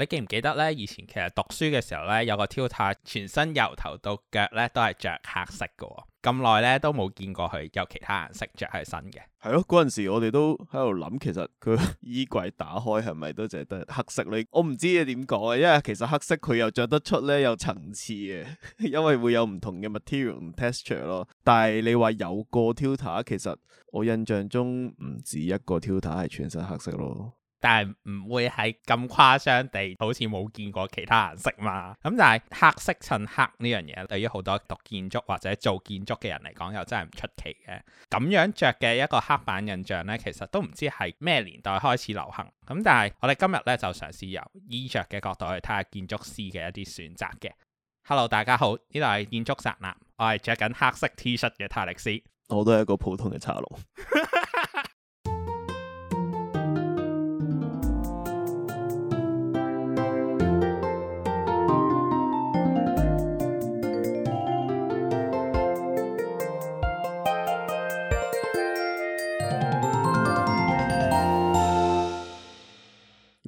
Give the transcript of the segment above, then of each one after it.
你記唔記得呢？以前其實讀書嘅時候呢，有個 Tutor 全身由頭到腳呢都係着黑色嘅，哦，咁耐呢都冇見過佢有其他顏色着喺身嘅。係咯，嗰陣時我哋都喺度諗，其實佢衣櫃打開係咪都淨係得黑色呢？我唔知你點講啊，因為其實黑色佢又着得出呢有層次嘅，因為會有唔同嘅 material texture 咯。但係你話有個 Tutor 其實我印象中唔止一個 Tutor 係全身黑色咯。但係唔會係咁誇張地，好似冇見過其他顏色嘛？咁就係黑色襯黑呢樣嘢，對於好多讀建築或者做建築嘅人嚟講，又真係唔出奇嘅。咁樣着嘅一個黑板印象呢，其實都唔知係咩年代開始流行。咁、嗯、但係我哋今日呢，就嘗試由衣着嘅角度去睇下建築師嘅一啲選擇嘅。Hello，大家好，呢度係建築宅男，我係着緊黑色 T 恤嘅泰力斯。我都係一個普通嘅茶龍。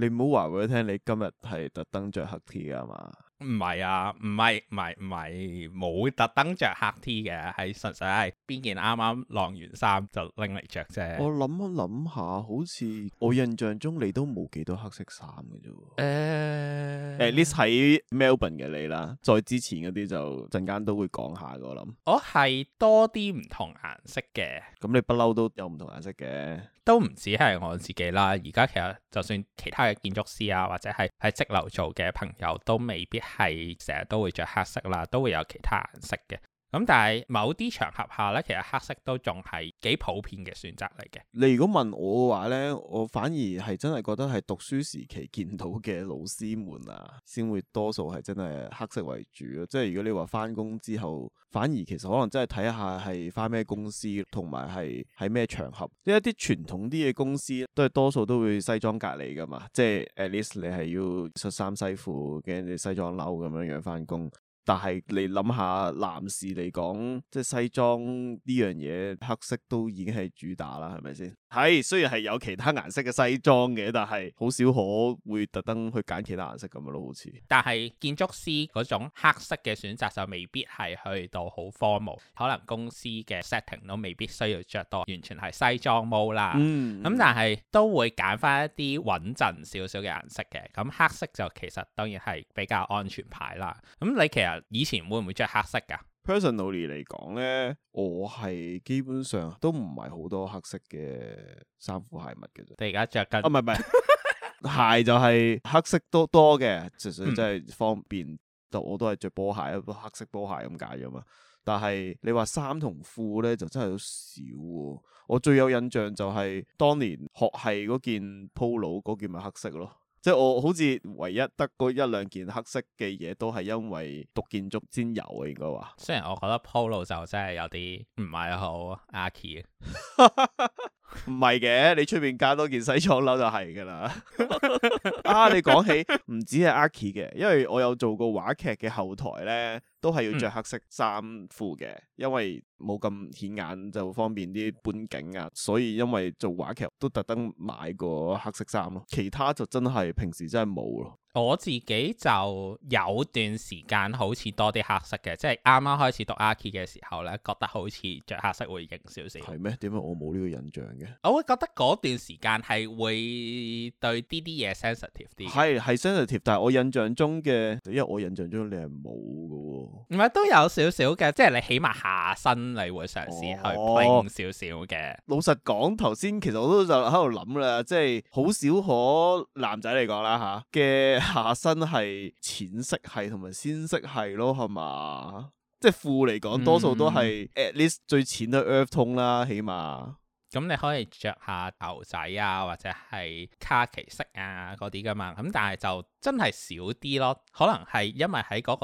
你唔好話俾我聽，你今日係特登着黑 T 㗎嘛？唔係啊，唔係，唔係，唔係，冇特登着黑 T 嘅，係純粹係邊件啱啱晾完衫就拎嚟着啫。我諗一諗下，好似我印象中你都冇幾多黑色衫嘅啫。誒誒，list 喺 Melbourne 嘅你啦，再之前嗰啲就陣間都會講下嘅。我諗我係多啲唔同顏色嘅。咁你不嬲都有唔同顏色嘅。都唔止係我自己啦，而家其實就算其他嘅建築師啊，或者係喺則樓做嘅朋友，都未必係成日都會着黑色啦，都會有其他顏色嘅。咁但係某啲場合下咧，其實黑色都仲係幾普遍嘅選擇嚟嘅。你如果問我嘅話咧，我反而係真係覺得係讀書時期見到嘅老師們啊，先會多數係真係黑色為主咯。即係如果你話翻工之後，反而其實可能真係睇下係翻咩公司，同埋係喺咩場合。呢一啲傳統啲嘅公司都係多數都會西裝隔離噶嘛，即係 at least 你係要恤衫西褲跟住你西裝褸咁樣樣翻工。但係你諗下，男士嚟講，即係西裝呢樣嘢，黑色都已經係主打啦，係咪先？係，雖然係有其他顏色嘅西裝嘅，但係好少可會特登去揀其他顏色咁樣咯，好似。但係建築師嗰種黑色嘅選擇就未必係去到好 formal，可能公司嘅 setting 都未必需要着到完全係西裝 mode 啦。嗯。咁但係都會揀翻一啲穩陣少少嘅顏色嘅，咁黑色就其實當然係比較安全牌啦。咁你其實。.以前會唔會着黑色噶？Personally 嚟講咧，我係基本上都唔係好多黑色嘅衫褲鞋襪嘅。你而家着跟着緊？啊，唔係唔係， 鞋就係黑色多多嘅，其實真係方便。但、嗯、我都係着波鞋，黑色波鞋咁解噶嘛。但係你話衫同褲咧，就真係好少、啊。我最有印象就係、是、當年學系嗰件 Polo，嗰件咪黑色咯。即係我好似唯一得嗰一兩件黑色嘅嘢，都係因為讀建築先有嘅，應該話。雖然我覺得 Polo 就真係有啲唔係好啊，archi。唔係嘅，你出面加多件西裝褸就係噶啦。 啊，你講起唔止係 Archi 嘅，因為我有做過話劇嘅後台咧，都係要着黑色衫褲嘅，因為冇咁顯眼就方便啲搬景啊。所以因為做話劇都特登買過黑色衫咯，其他就真係平時真係冇咯。我自己就有段時間好似多啲黑色嘅，即係啱啱開始讀 Archi 嘅時候咧，覺得好似着黑色會型少少。係咩？點解我冇呢個印象嘅？我會覺得嗰段時間係會對啲啲嘢 sensitive 啲。係係 sensitive，但係我印象中嘅，因為我印象中，印象中你係冇嘅喎。唔係都有少少嘅，即係你起碼下身你會嘗試去 play、哦、少少嘅。老實講，頭先其實我都就喺度諗啦，即係好少可男仔嚟講啦嚇嘅。下身係淺色系同埋鮮色系咯，係嘛？即係褲嚟講多數都係 at least 最淺嘅 earth tone 啦，起碼，咁、嗯、你可以着下牛仔啊，或者係卡其色啊啲噶嘛。咁但係就真係少啲咯，可能係因為喺嗰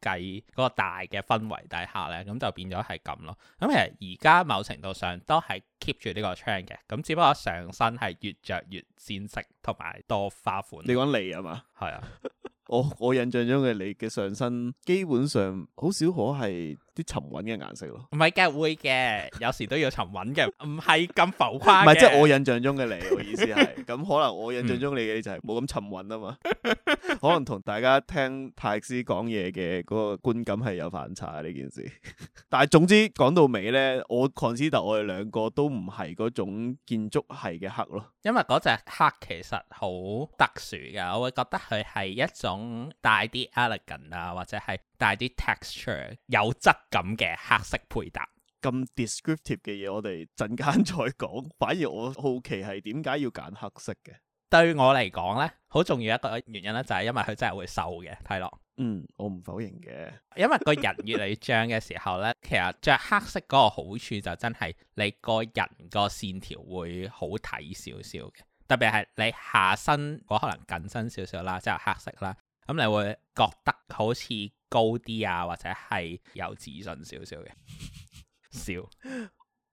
計嗰個大嘅氛圍底下呢，咁就變咗係咁咯。咁其實而家某程度上都係 keep 住呢個 trend 嘅，咁只不過上身係越着越鮮色同埋多花款。你講你啊嘛？係啊。 我我印象中嘅你嘅上身基本上好少可係啲沉穩嘅顏色咯。唔係嘅會嘅，有時都要沉穩嘅，唔係咁浮誇。唔係即係我印象中嘅你，我意思係咁 可能我印象中你嘅就係冇咁沉穩啊嘛。 可能同大家聽泰斯講嘢嘅嗰個觀感係有反差呢件事。 但係總之講到尾咧，我 concern 我哋兩個都唔係嗰種建築系嘅黑咯。因為嗰隻黑其實好特殊嘅，我會覺得佢係一種。帶啲 elegant 啊，帶 eleg ance, 或者係帶啲 texture 有質感嘅黑色配搭，咁 descriptive 嘅嘢我哋陣間再講。反而我好奇係點解要揀黑色嘅？對我嚟講呢，好重要一個原因呢，就係因為佢真係會瘦嘅，睇落，嗯，我唔否認嘅。因為個人越嚟越脹嘅時候呢， 其實着黑色嗰個好處就真係你個人個線條會好睇少少嘅，特別係你下身我可能緊身少少啦，即係黑色啦。咁你會覺得好似高啲啊，或者係有自信少少嘅笑，笑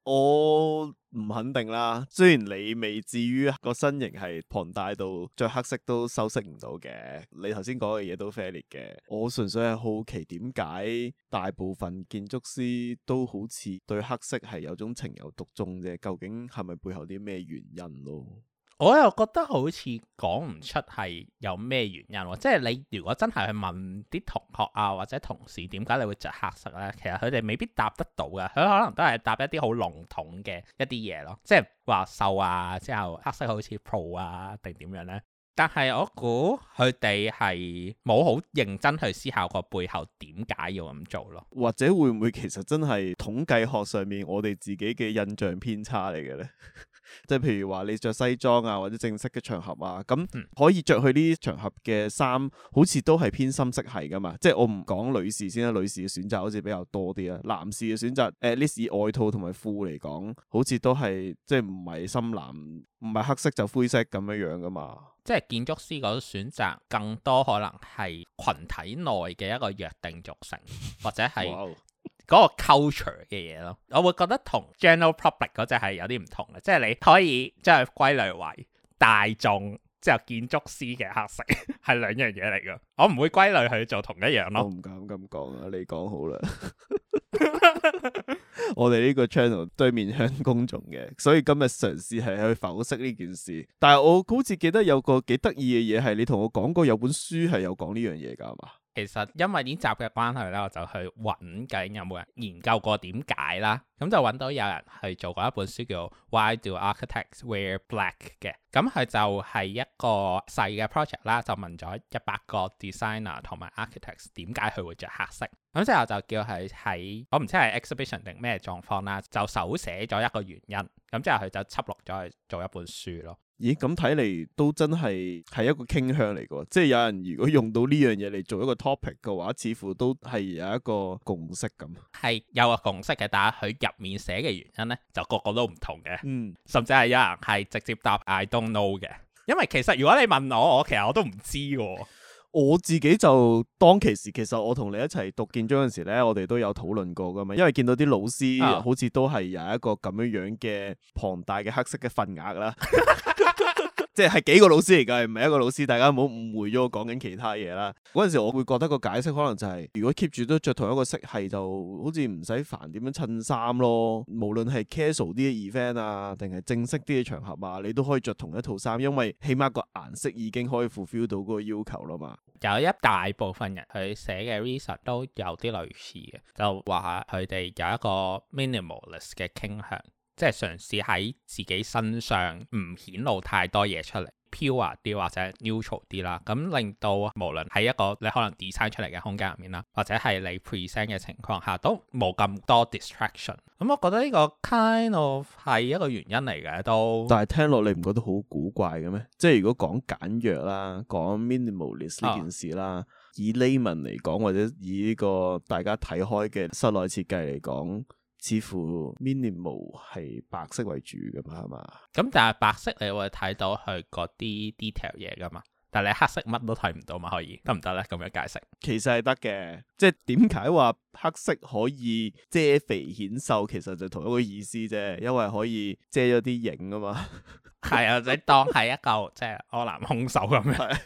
我唔肯定啦。雖然你未至於個身形係龐大到着黑色都修飾唔到嘅，你頭先講嘅嘢都 fair 嘅。我純粹係好奇點解大部分建築師都好似對黑色係有種情有獨鍾啫？究竟係咪背後啲咩原因咯？我又覺得好似講唔出係有咩原因喎，即係你如果真係去問啲同學啊或者同事點解你會着黑色咧，其實佢哋未必答得到㗎，佢可能都係答一啲好籠統嘅一啲嘢咯，即係話瘦啊之後黑色好似 pro 啊定點樣呢？但係我估佢哋係冇好認真去思考過背後點解要咁做咯，或者會唔會其實真係統計學上面我哋自己嘅印象偏差嚟嘅呢？ 即係譬如話你着西裝啊，或者正式嘅場合啊，咁可以着去呢啲場合嘅衫，好似都係偏深色系噶嘛。即係我唔講女士先啦，女士嘅選擇好似比較多啲啊。男士嘅選擇，at least 以外套同埋褲嚟講，好似都係即係唔係深藍，唔係黑色就灰色咁樣樣噶嘛。即係建築師嗰種選擇，更多可能係群體內嘅一個約定俗成，或者係。Wow. 嗰個 culture 嘅嘢咯，我會覺得 gen 同 general public 嗰只係有啲唔同嘅，即係你可以將佢歸類為大眾，即係建築師嘅黑色係兩樣嘢嚟嘅。我唔會歸類去做同一樣咯。我唔敢咁講啊，你講好啦。我哋呢個 channel 對面向公眾嘅，所以今日嘗試係去剖析呢件事。但係我好似記得有個幾得意嘅嘢係你同我講過有本書係有講呢樣嘢噶，係嘛？其實因為呢集嘅關係咧，我就去揾緊有冇人研究過點解啦。咁就揾到有人去做過一本書叫《Why Do Architects Wear Black》嘅。咁佢就係一個細嘅 project 啦，就問咗一百個 designer 同埋 architects 點解佢會着黑色。咁之後就叫佢喺我唔知係 exhibition 定咩狀況啦，就手寫咗一個原因。咁之後佢就輯錄咗去做一本書咯。咦，咁睇嚟都真係係一個傾向嚟嘅，即係有人如果用到呢樣嘢，嚟做一個 topic 嘅話，似乎都係有一個共識咁。係有個共識嘅，但係佢入面寫嘅原因咧，就個個都唔同嘅。嗯，甚至係有人係直接答 I don't know 嘅，因為其實如果你問我，我其實我都唔知嘅。 我自己就當其時，其實我同你一齊讀建築嗰陣時咧，我哋都有討論過㗎嘛，因為見到啲老師、啊、好似都係有一個咁樣樣嘅龐大嘅黑色嘅份額啦。 即係幾個老師嚟㗎，唔係一個老師。大家唔好誤會咗我講緊其他嘢啦。嗰陣時我會覺得個解釋可能就係，如果 keep 住都着同一個色系，就好似唔使煩點樣襯衫咯。無論係 casual 啲嘅 event 啊，定係正式啲嘅場合啊，你都可以着同一套衫，因為起碼個顏色已經可以 fulfill 到嗰個要求啦嘛。有一大部分人佢寫嘅 research 都有啲類似嘅，就話佢哋有一個 minimalist 嘅傾向。即係嘗試喺自己身上唔顯露太多嘢出嚟，pure 啲或者 neutral 啲啦，咁令到無論喺一個你可能 design 出嚟嘅空間入面啦，或者係你 present 嘅情況下都冇咁多 distraction。咁我覺得呢個 kind of 係一個原因嚟嘅都。但係聽落你唔覺得好古怪嘅咩？即係如果講簡約啦，講 minimalist 呢、啊、件事啦，以 layman 嚟講，或者以呢個大家睇開嘅室內設計嚟講。似乎 minimal 係白色為主噶嘛，係嘛？咁、嗯、但係白色你會睇到佢嗰啲 detail 嘢噶嘛？但係你黑色乜都睇唔到嘛？可以得唔得咧？咁樣解釋？其實係得嘅，即係點解話黑色可以遮肥顯瘦？其實就同一個意思啫，因為可以遮咗啲影啊嘛。 係啊， 就當、是、係一個即係柯南凶手咁樣，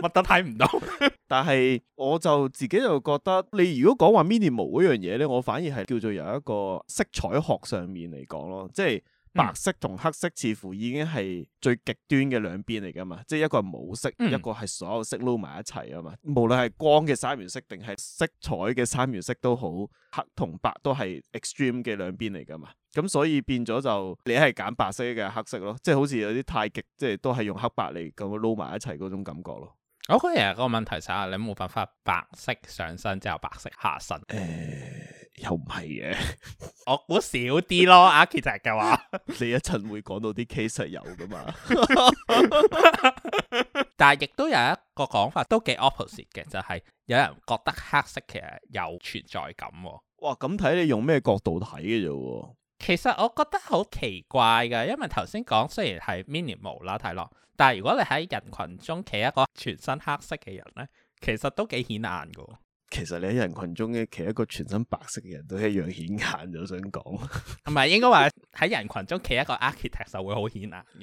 乜都睇唔到。 但係我就自己又覺得，你如果講話 minimal 嗰樣嘢呢，我反而係叫做由一個色彩學上面嚟講咯，即係白色同黑色似乎已經係最極端嘅兩邊嚟噶嘛。即係一個係冇色， 一個係所有色撈埋一齊啊嘛。無論係光嘅三原色定係色彩嘅三原色都好，黑同白都係 extreme 嘅兩邊嚟噶嘛。咁所以變咗就你係揀白色嘅黑色咯，即係好似有啲太極，即係都係用黑白嚟咁樣撈埋一齊嗰種感覺咯。OK 啊，個問題就係你冇辦法白色上身之後白色下身。誒、欸，又唔係嘅。 我估少啲咯，阿杰仔嘅話。 你一陣會講到啲 case 有噶嘛？ 但係亦都有一個講法都幾 opposite 嘅，就係、是、有人覺得黑色其實有存在感喎。哇，咁睇你用咩角度睇嘅啫喎？其實我覺得好奇怪噶，因為頭先講雖然係 minimal 啦，但係如果你喺人群中企一個全身黑色嘅人咧，其實都幾顯眼噶。其實你喺人群中嘅，企一個全身白色嘅人都一樣顯眼，就想講。唔係，應該話喺人群中企一個 architect 就會好顯眼。 你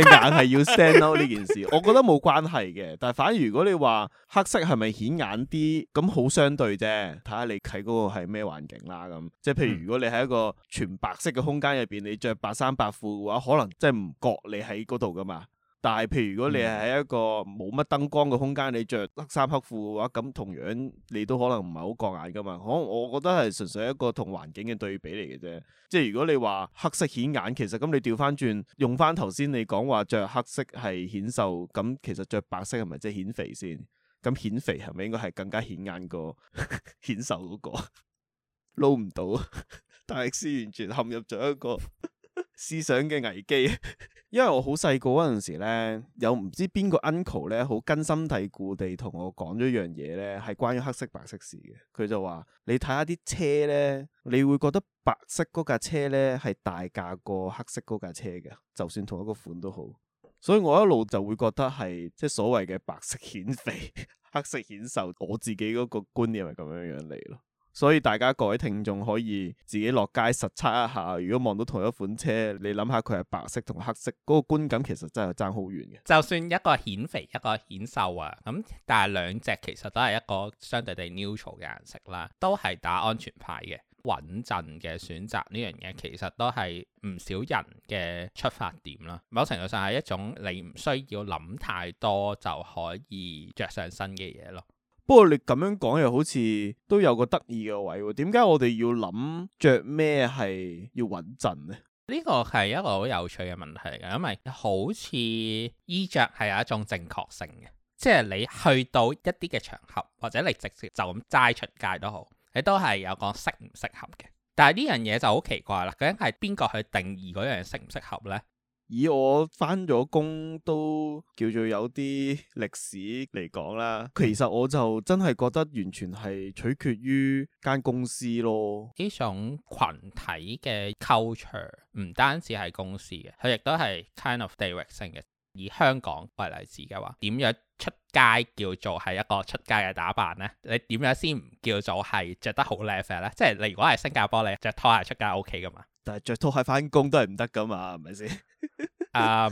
硬係要 stand out 呢件事，我覺得冇關係嘅。但係反而如果你話黑色係咪顯眼啲，咁好相對啫。睇下你睇嗰個係咩環境啦。咁即係譬如如果你喺一個全白色嘅空間入邊，你着白衫白褲嘅話，可能即係唔覺你喺嗰度噶嘛。但係，譬如如果你係喺一個冇乜燈光嘅空間，你着黑衫黑褲嘅話，咁同樣你都可能唔係好過眼噶嘛。可能我覺得係純粹一個同環境嘅對比嚟嘅啫。即係如果你話黑色顯眼，其實咁你調翻轉用翻頭先你講話着黑色係顯瘦，咁其實着白色係咪即係顯肥先？咁顯肥係咪應該係更加顯眼過顯 瘦嗰那個撈 唔撈不到，但係先完全陷入咗一個。 思想嘅危機， 因為我好細個嗰陣時呢，有唔知邊個 uncle 呢，好根深蒂固地同我講咗一樣嘢呢，係關於黑色白色的事嘅。佢就話：你睇下啲車呢，你會覺得白色嗰架車呢係大架過黑色嗰架車嘅，就算同一個款都好。所以我一路就會覺得係即係所謂嘅白色顯肥，黑色顯瘦，我自己嗰個觀念係咁樣樣嚟咯。所以大家各位聽眾可以自己落街實測一下，如果望到同一款車，你諗下佢係白色同黑色，嗰個觀感其實真係爭好遠嘅。就算一個顯肥一個顯瘦啊，咁、嗯、但係兩隻其實都係一個相對地 neutral 嘅顏色啦，都係打安全牌嘅穩陣嘅選擇呢樣嘢，其實都係唔少人嘅出發點啦。某程度上係一種你唔需要諗太多就可以着上身嘅嘢咯。不過你咁樣講又好似都有個得意嘅位，點解我哋要諗着咩係要穩陣呢？呢個係一個好有趣嘅問題嚟嘅，因為好似衣着係有一種正確性嘅，即係你去到一啲嘅場合，或者你直接就咁齋出街都好，你都係有講適唔適合嘅。但係呢樣嘢就好奇怪啦，究竟係邊個去定義嗰樣適唔適合呢？以我翻咗工都叫做有啲歷史嚟講啦，其實我就真係覺得完全係取決於間公司咯。呢種群體嘅 culture 唔單止係公司嘅，佢亦都係 kind of direction 嘅。以香港為例子嘅話，點樣出街叫做係一個出街嘅打扮呢？你點樣先唔叫做係着得好靚嘅咧？即係你如果係新加坡，你著拖鞋出街 OK 噶嘛？但係着拖鞋翻工都係唔得噶嘛，係咪先？ 嗯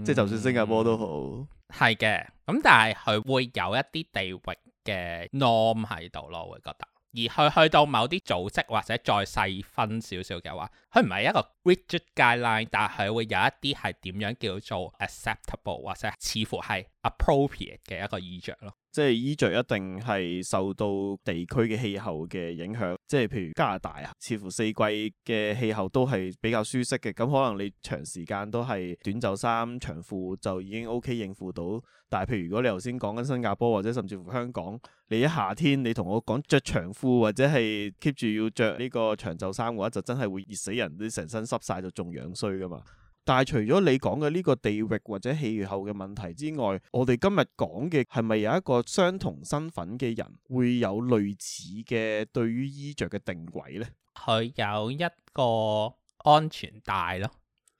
，um, 即係就算新加坡都好，係嘅，咁但係佢會有一啲地域嘅 norm 喺度咯，我會覺得，而佢去到某啲組織或者再細分少少嘅話，佢唔係一個 rigid guideline，但係佢會有一啲係點樣叫做 acceptable，或者似乎係。appropriate 嘅一個衣着咯，即係衣着一定係受到地區嘅氣候嘅影響。即係譬如加拿大啊，似乎四季嘅氣候都係比較舒適嘅，咁可能你長時間都係短袖衫長褲就已經 OK 應付到。但係譬如如果你頭先講緊新加坡或者甚至乎香港，你一夏天你同我講着長褲或者係 keep 住要着呢個長袖衫嘅話，就真係會熱死人，你成身濕晒，就仲樣衰噶嘛。但係除咗你講嘅呢個地域或者氣候嘅問題之外，我哋今日講嘅係咪有一個相同身份嘅人會有類似嘅對於衣着嘅定位咧？佢有一個安全帶咯。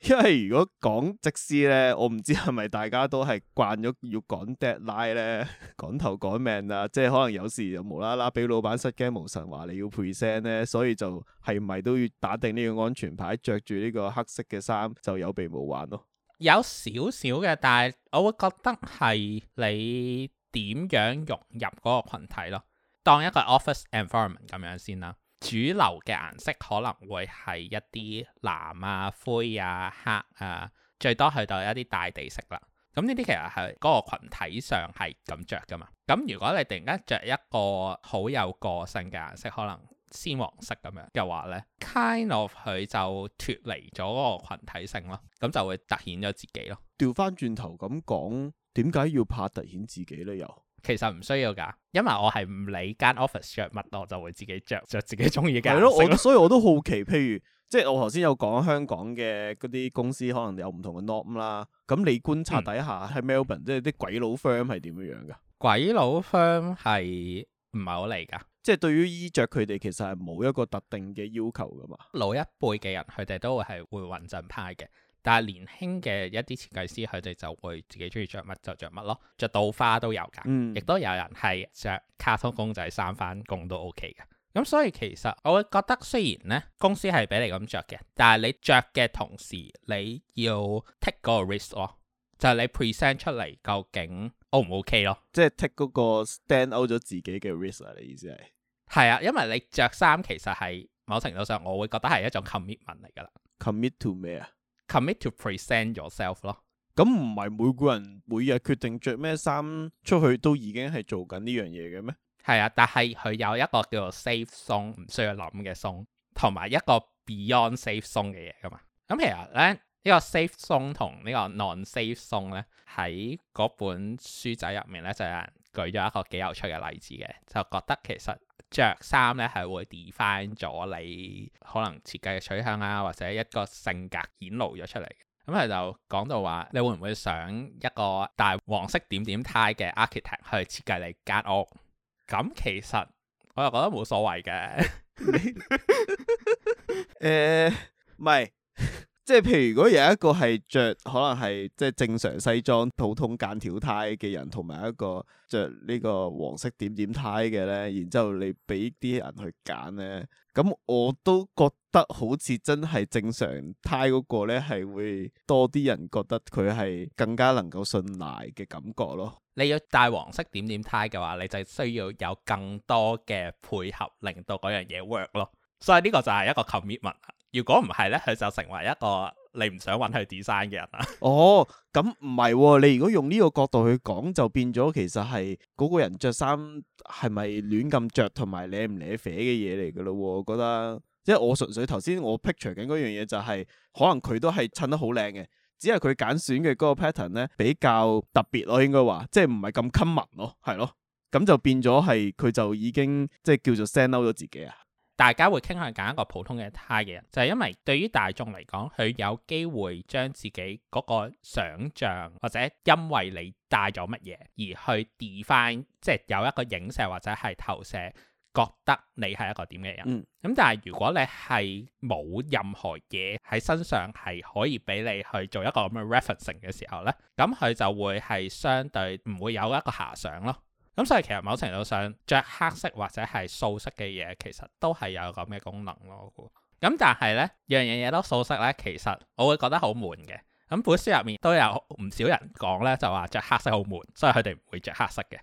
因為如果講則師咧，我唔知係咪大家都係慣咗要講 deadline 咧，趕頭趕命啦，即係可能有時又無啦啦俾老闆失驚無神話你要 present 咧，所以就係咪都要打定呢個安全牌，着住呢個黑色嘅衫就有備無患？咯？有少少嘅，但係我會覺得係你點樣融入嗰個群體咯，當一個 office environment 咁樣先啦。主流嘅顏色可能會係一啲藍啊、灰啊、黑啊，最多去到一啲大地色啦。咁呢啲其實係嗰個羣體上係咁着噶嘛。咁如果你突然間着一個好有個性嘅顏色，可能鮮黃色咁樣嘅話呢 kind of 佢就脫離咗嗰個羣體性咯，咁就會突顯咗自己咯。調翻轉頭咁講，點解要怕突顯自己呢？又？其實唔需要噶，因為我係唔理間 office 着乜，我就會自己着着自己中意嘅。係咯， 我所以我都好奇，譬如即係我頭先有講香港嘅嗰啲公司可能有唔同嘅 norm 啦。咁你觀察底下喺、嗯、Melbourne，即係啲鬼佬 firm 係點樣樣嘅？鬼佬 firm 係唔係好嚟噶？即係對於衣着，佢哋其實係冇一個特定嘅要求噶嘛。老一輩嘅人，佢哋都會係會混陣派嘅。但係年輕嘅一啲設計師，佢哋就會自己中意着乜就着乜咯，着到花都有㗎，亦、嗯、都有人係着卡通公仔衫返工都 O K 嘅。咁所以其實我會覺得，雖然咧公司係俾你咁着嘅，但係你着嘅同時，你要 take 嗰個 risk 咯，就係、係、你 present 出嚟究竟 O 唔 O K 咯，即係 take 嗰個 stand out 咗自己嘅 risk 啊？你意思係？係啊，因為你着衫其實係某程度上，我會覺得係一種 commitment 嚟㗎啦。Commit to 咩啊？Commit to present yourself 咯，咁唔係每個人每日決定着咩衫出去都已經係做緊呢樣嘢嘅咩？係啊，但係佢有一個叫做 safe zone 唔需要諗嘅 zone 同埋一個 beyond safe zone 嘅嘢噶嘛。咁其實咧呢、這個 safe zone 同呢個 non safe zone 咧喺嗰本書仔入面咧就係。舉咗一個幾有趣嘅例子嘅，就覺得其實着衫咧係會 define 咗你可能設計嘅取向啊，或者一個性格顯露咗出嚟。咁佢就講到話，你會唔會想一個大黃色點點 tie 嘅 architect 去設計你間屋？咁其實我又覺得冇所謂嘅。誒，唔係。即係譬如如果有一個係着可能係即係正常西裝普通間條呔嘅人，同埋一個着呢個黃色點點呔嘅咧，然之後你俾啲人去揀咧，咁我都覺得好似真係正常呔嗰個咧係會多啲人覺得佢係更加能夠信賴嘅感覺咯。你要戴黃色點點呔嘅話，你就需要有更多嘅配合，令到嗰樣嘢 work 咯。所以呢個就係一個 commitment 如果唔係咧，佢就成為一個你唔想揾佢 design 嘅人啦。哦，咁唔係，你如果用呢個角度去講，就變咗其實係嗰個人着衫係咪亂咁着同埋靚唔靚啡嘅嘢嚟噶咯？我覺得，即係我純粹頭先我 picture 緊嗰樣嘢就係、是、可能佢都係襯得好靚嘅，只係佢揀選嘅嗰個 pattern 咧比較特別咯、哦，應該話即係唔係咁 common 咯，係咯、哦，咁就變咗係佢就已經即係叫做 send out 咗自己啊。大家會傾向揀一個普通嘅 tie 嘅人，就係、是、因為對於大眾嚟講，佢有機會將自己嗰個想像，或者因為你帶咗乜嘢而去 define，即係有一個影射或者係投射，覺得你係一個點嘅人。咁、嗯、但係如果你係冇任何嘢喺身上係可以俾你去做一個咁嘅 reference 嘅時候呢，咁佢就會係相對唔會有一個遐想咯。咁所以其實某程度上着黑色或者係素色嘅嘢，其實都係有咁嘅功能咯。咁但係呢樣樣嘢都素色呢，其實我會覺得好悶嘅。咁本書入面都有唔少人講呢，就話着黑色好悶，所以佢哋唔會着黑色嘅。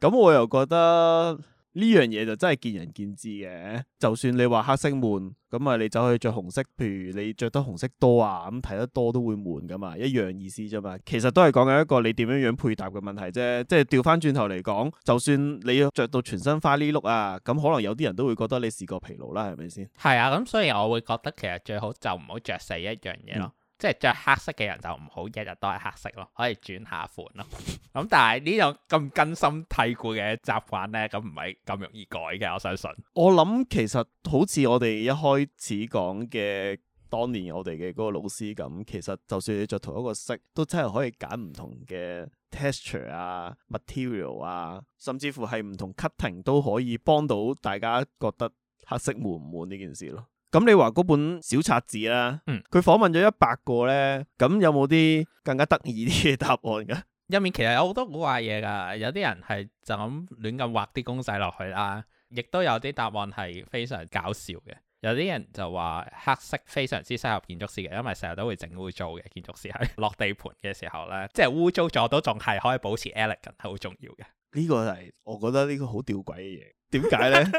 咁我又覺得。呢樣嘢就真係見仁見智嘅。就算你話黑色悶，咁啊你走去着紅色，譬如你着得紅色多啊，咁睇得多都會悶噶嘛，一樣意思啫嘛。其實都係講緊一個你點樣樣配搭嘅問題啫。即係調翻轉頭嚟講，就算你要着到全身花呢碌啊，咁可能有啲人都會覺得你視覺疲勞啦，係咪先？係啊，咁所以我會覺得其實最好就唔好着死一樣嘢囉。嗯。即係着黑色嘅人就唔好日日都係黑色咯，可以轉下款咯。咁 但係呢種咁根深蒂固嘅習慣呢，咁唔係咁容易改嘅。我相信。我諗其實好似我哋一開始講嘅當年我哋嘅嗰個老師咁，其實就算你着同一個色，都真係可以揀唔同嘅 texture 啊、material 啊，甚至乎係唔同 cutting 都可以幫到大家覺得黑色悶唔悶呢件事咯。咁你話嗰本小冊子啦，嗯，佢訪問咗一百個咧，咁有冇啲更加得意啲嘅答案噶？入面其實有好多古怪嘢噶，有啲人係就咁亂咁畫啲公仔落去啦，亦都有啲答案係非常搞笑嘅。有啲人就話黑色非常之適合建築師嘅，因為成日都會整污糟嘅，建築師係落地盤嘅時候咧，即係污糟咗都仲係可以保持 elegant，係好重要嘅。呢個係我覺得個呢個好吊詭嘅嘢，點解咧？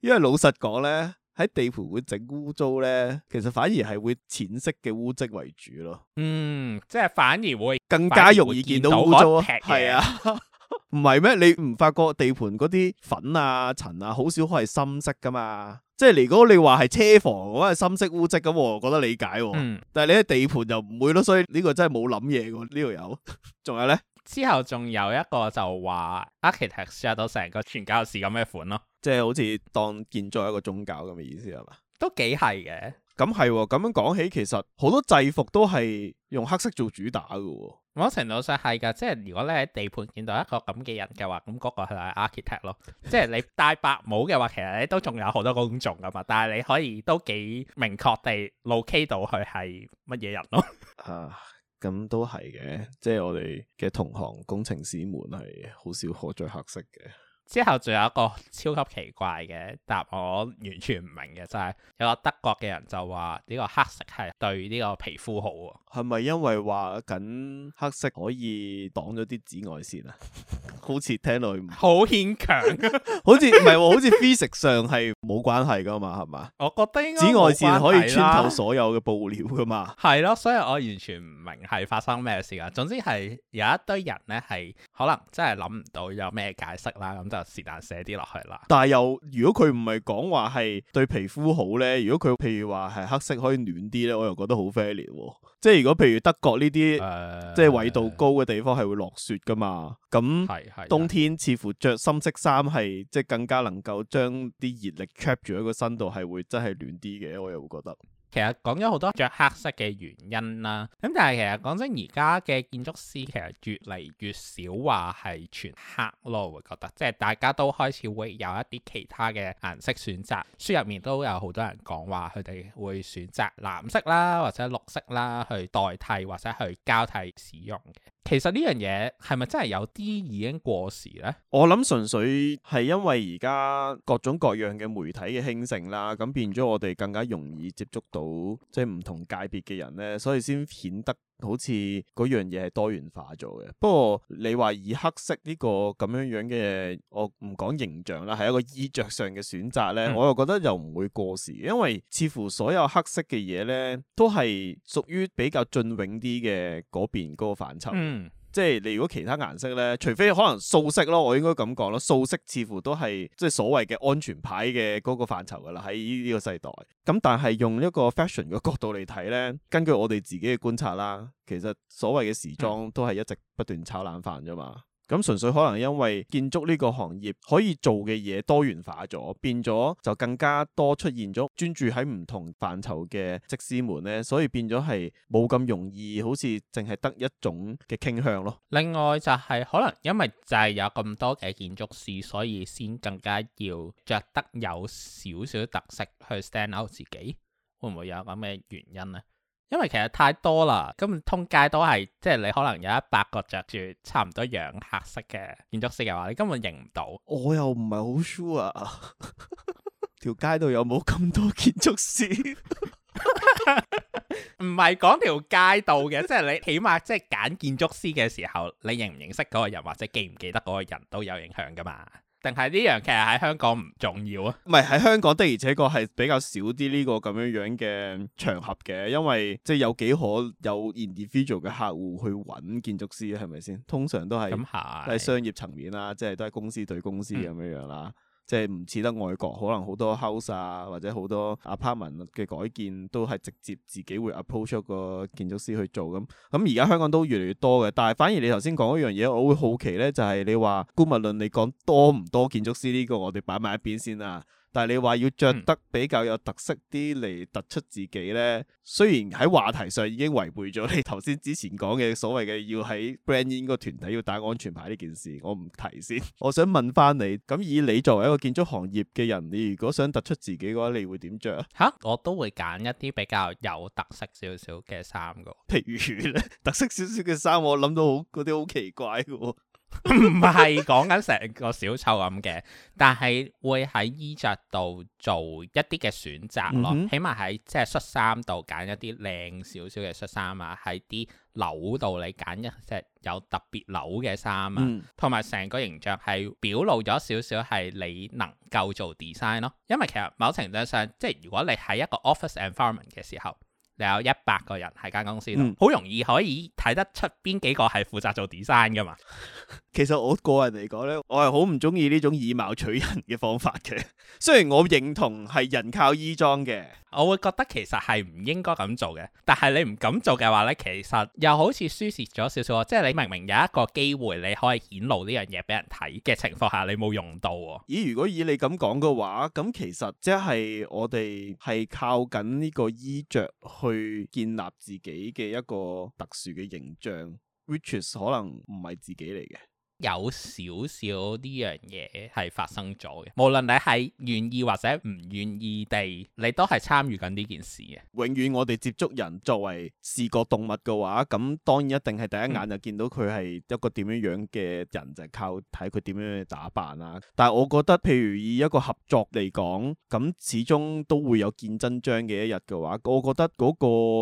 因為老實講咧。喺地盤會整污糟咧，其實反而係會淺色嘅污漬為主咯。嗯，即係反而會更加容易見到污糟。嗯，係啊，唔係咩？你唔發覺地盤嗰啲粉啊、塵啊，好少可係深色噶嘛？即係如果你話係車房嗰啲深色污漬咁，我覺得理解。啊。嗯，但係你喺地盤就唔會咯，所以呢個真係冇諗嘢喎。這個、呢度有，仲有咧。之後仲有一個就話 architect share 到成個傳教士咁嘅款咯，即係好似當建造一個宗教咁嘅意思係嘛？都幾係嘅。咁係咁樣講起，其實好多制服都係用黑色做主打噶。某程度上係噶，即係如果你喺地盤見到一個咁嘅人嘅話，咁嗰個係 architect 咯。即係你戴白帽嘅話， 其實你都仲有好多工種噶嘛，但係你可以都幾明確地 locate 到佢係乜嘢人咯。 咁都係嘅，即係我哋嘅同行工程師們係好少可著黑色嘅。之後仲有一個超級奇怪嘅答案，我完全唔明嘅就係有個德國嘅人就話呢個黑色係對呢個皮膚好啊？係咪因為話緊黑色可以擋咗啲紫外線啊？ 好似聽落好牽強，好似唔係，好似 physics 上係冇關係噶嘛？係嘛？我覺得紫外線可以穿透所有嘅布料噶嘛？係咯，所以我完全唔明係發生咩事啊！總之係有一堆人咧，係可能真係諗唔到有咩解釋啦。就係但寫啲落去啦。但係又，如果佢唔係講話係對皮膚好呢？如果佢譬如話係黑色可以暖啲呢，我又覺得好 fair。即係如果譬如德國呢啲，呃、即係緯度高嘅地方係會落雪噶嘛。咁冬天似乎着深色衫係即係更加能夠將啲熱力 trap 住喺個身度，係會真係暖啲嘅。我又會覺得。其實講咗好多着黑色嘅原因啦，咁但係其實講真，而家嘅建築師其實越嚟越少話係全黑咯，我覺得即係大家都開始會有一啲其他嘅顏色選擇。書入面都有好多人講話，佢哋會選擇藍色啦，或者綠色啦去代替或者去交替使用嘅。其實呢樣嘢係咪真係有啲已經過時呢？我諗純粹係因為而家各種各樣嘅媒體嘅興盛啦，咁變咗我哋更加容易接觸到即係唔同界別嘅人呢，所以先顯得。好似嗰樣嘢係多元化咗嘅，不過你話以黑色呢個咁樣樣嘅，我唔講形象啦，係一個衣着上嘅選擇呢，嗯、我又覺得又唔會過時，因為似乎所有黑色嘅嘢呢，都係屬於比較雋永啲嘅嗰邊嗰個範疇。嗯。即係你如果其他顏色咧，除非可能素色咯，我應該咁講咯。素色似乎都係即係所謂嘅安全牌嘅嗰個範疇㗎啦，喺呢個世代。咁但係用一個 fashion 嘅角度嚟睇咧，根據我哋自己嘅觀察啦，其實所謂嘅時裝都係一直不斷炒冷飯啫嘛。咁純粹可能因為建築呢個行業可以做嘅嘢多元化咗，變咗就更加多出現咗專注喺唔同範疇嘅則師們咧，所以變咗係冇咁容易，好似淨係得一種嘅傾向咯。另外就係可能因為就係有咁多嘅建築師，所以先更加要著得有少少特色去 stand out 因為其實太多啦，咁通街都係，即係你可能有一百個着住差唔多樣黑色嘅建築師嘅話，你根本認唔到。我又唔係好 sure，條街度有冇咁多建築師？唔係講條街道嘅， 即係你起碼即係揀建築師嘅時候，你認唔認識嗰個人或者記唔記得嗰個人都有影響噶嘛。定係呢樣其實喺香港唔重要啊？唔係，喺香港的而且確係比較少啲呢個咁樣樣嘅場合嘅，因為即係有幾可有 individual 嘅客戶去揾建築師係咪先？通常都係咁係，都係商業層面啦，即係都係公司對公司咁樣樣啦。嗯。即係唔似得外國，可能好多 house 啊，或者好多 apartment 嘅改建都係直接自己會 approach 個建築師去做咁。咁而家香港都越嚟越多嘅，但係反而你頭先講一樣嘢，我會好奇咧，就係、係、你話官物論你講多唔多建築師呢、呢個，我哋擺埋一邊先啦。但係你話要着得比較有特色啲嚟突出自己呢？嗯、雖然喺話題上已經違背咗你頭先之前講嘅所謂嘅要喺 brand in 個團體要打安全牌呢件事，我唔提先。 我想問翻你，咁以你作為一個建築行業嘅人，你如果想突出自己嘅話，你會點著？吓？我都會揀一啲比較有特色少少嘅衫㗎。譬如咧，特色少少嘅衫，我諗到好嗰啲好奇怪嘅喎。唔係講緊成個小丑咁嘅，但係會喺衣着度做一啲嘅選擇咯。嗯、哼起碼喺即係恤衫度揀一啲靚少少嘅恤衫啊，喺啲褸度你揀一隻有特別褸嘅衫啊，同埋成個形象係表露咗少少係你能夠做 design 咯。因為其實某程度上，即係如果你喺一個 office environment 嘅時候，你有一百個人喺間公司度，好、嗯、容易可以睇得出邊幾個係負責做 design 㗎嘛。 其實我個人嚟講呢，我係好唔中意呢種以貌取人嘅方法嘅。 雖然我認同係人靠衣裝嘅，我會覺得其實係唔應該咁做嘅。但係你唔咁做嘅話呢，其實又好似輸蝕咗少少。即係你明明有一個機會你可以顯露呢樣嘢俾人睇嘅情況下，你冇用到喎。咦？如果以你咁講嘅話，咁其實即係我哋係靠緊呢個衣着去建立自己嘅一個特殊嘅形象，which 可能唔係自己嚟嘅。有少少呢樣嘢係發生咗嘅，無論你係願意或者唔願意地，你都係參與緊呢件事嘅。永遠我哋接觸人作為視覺動物嘅話，咁當然一定係第一眼就見到佢係一個點樣樣嘅人，嗯、就係靠睇佢點樣樣打扮啦。但係我覺得，譬如以一個合作嚟講，咁始終都會有見真章嘅一日嘅話，我覺得嗰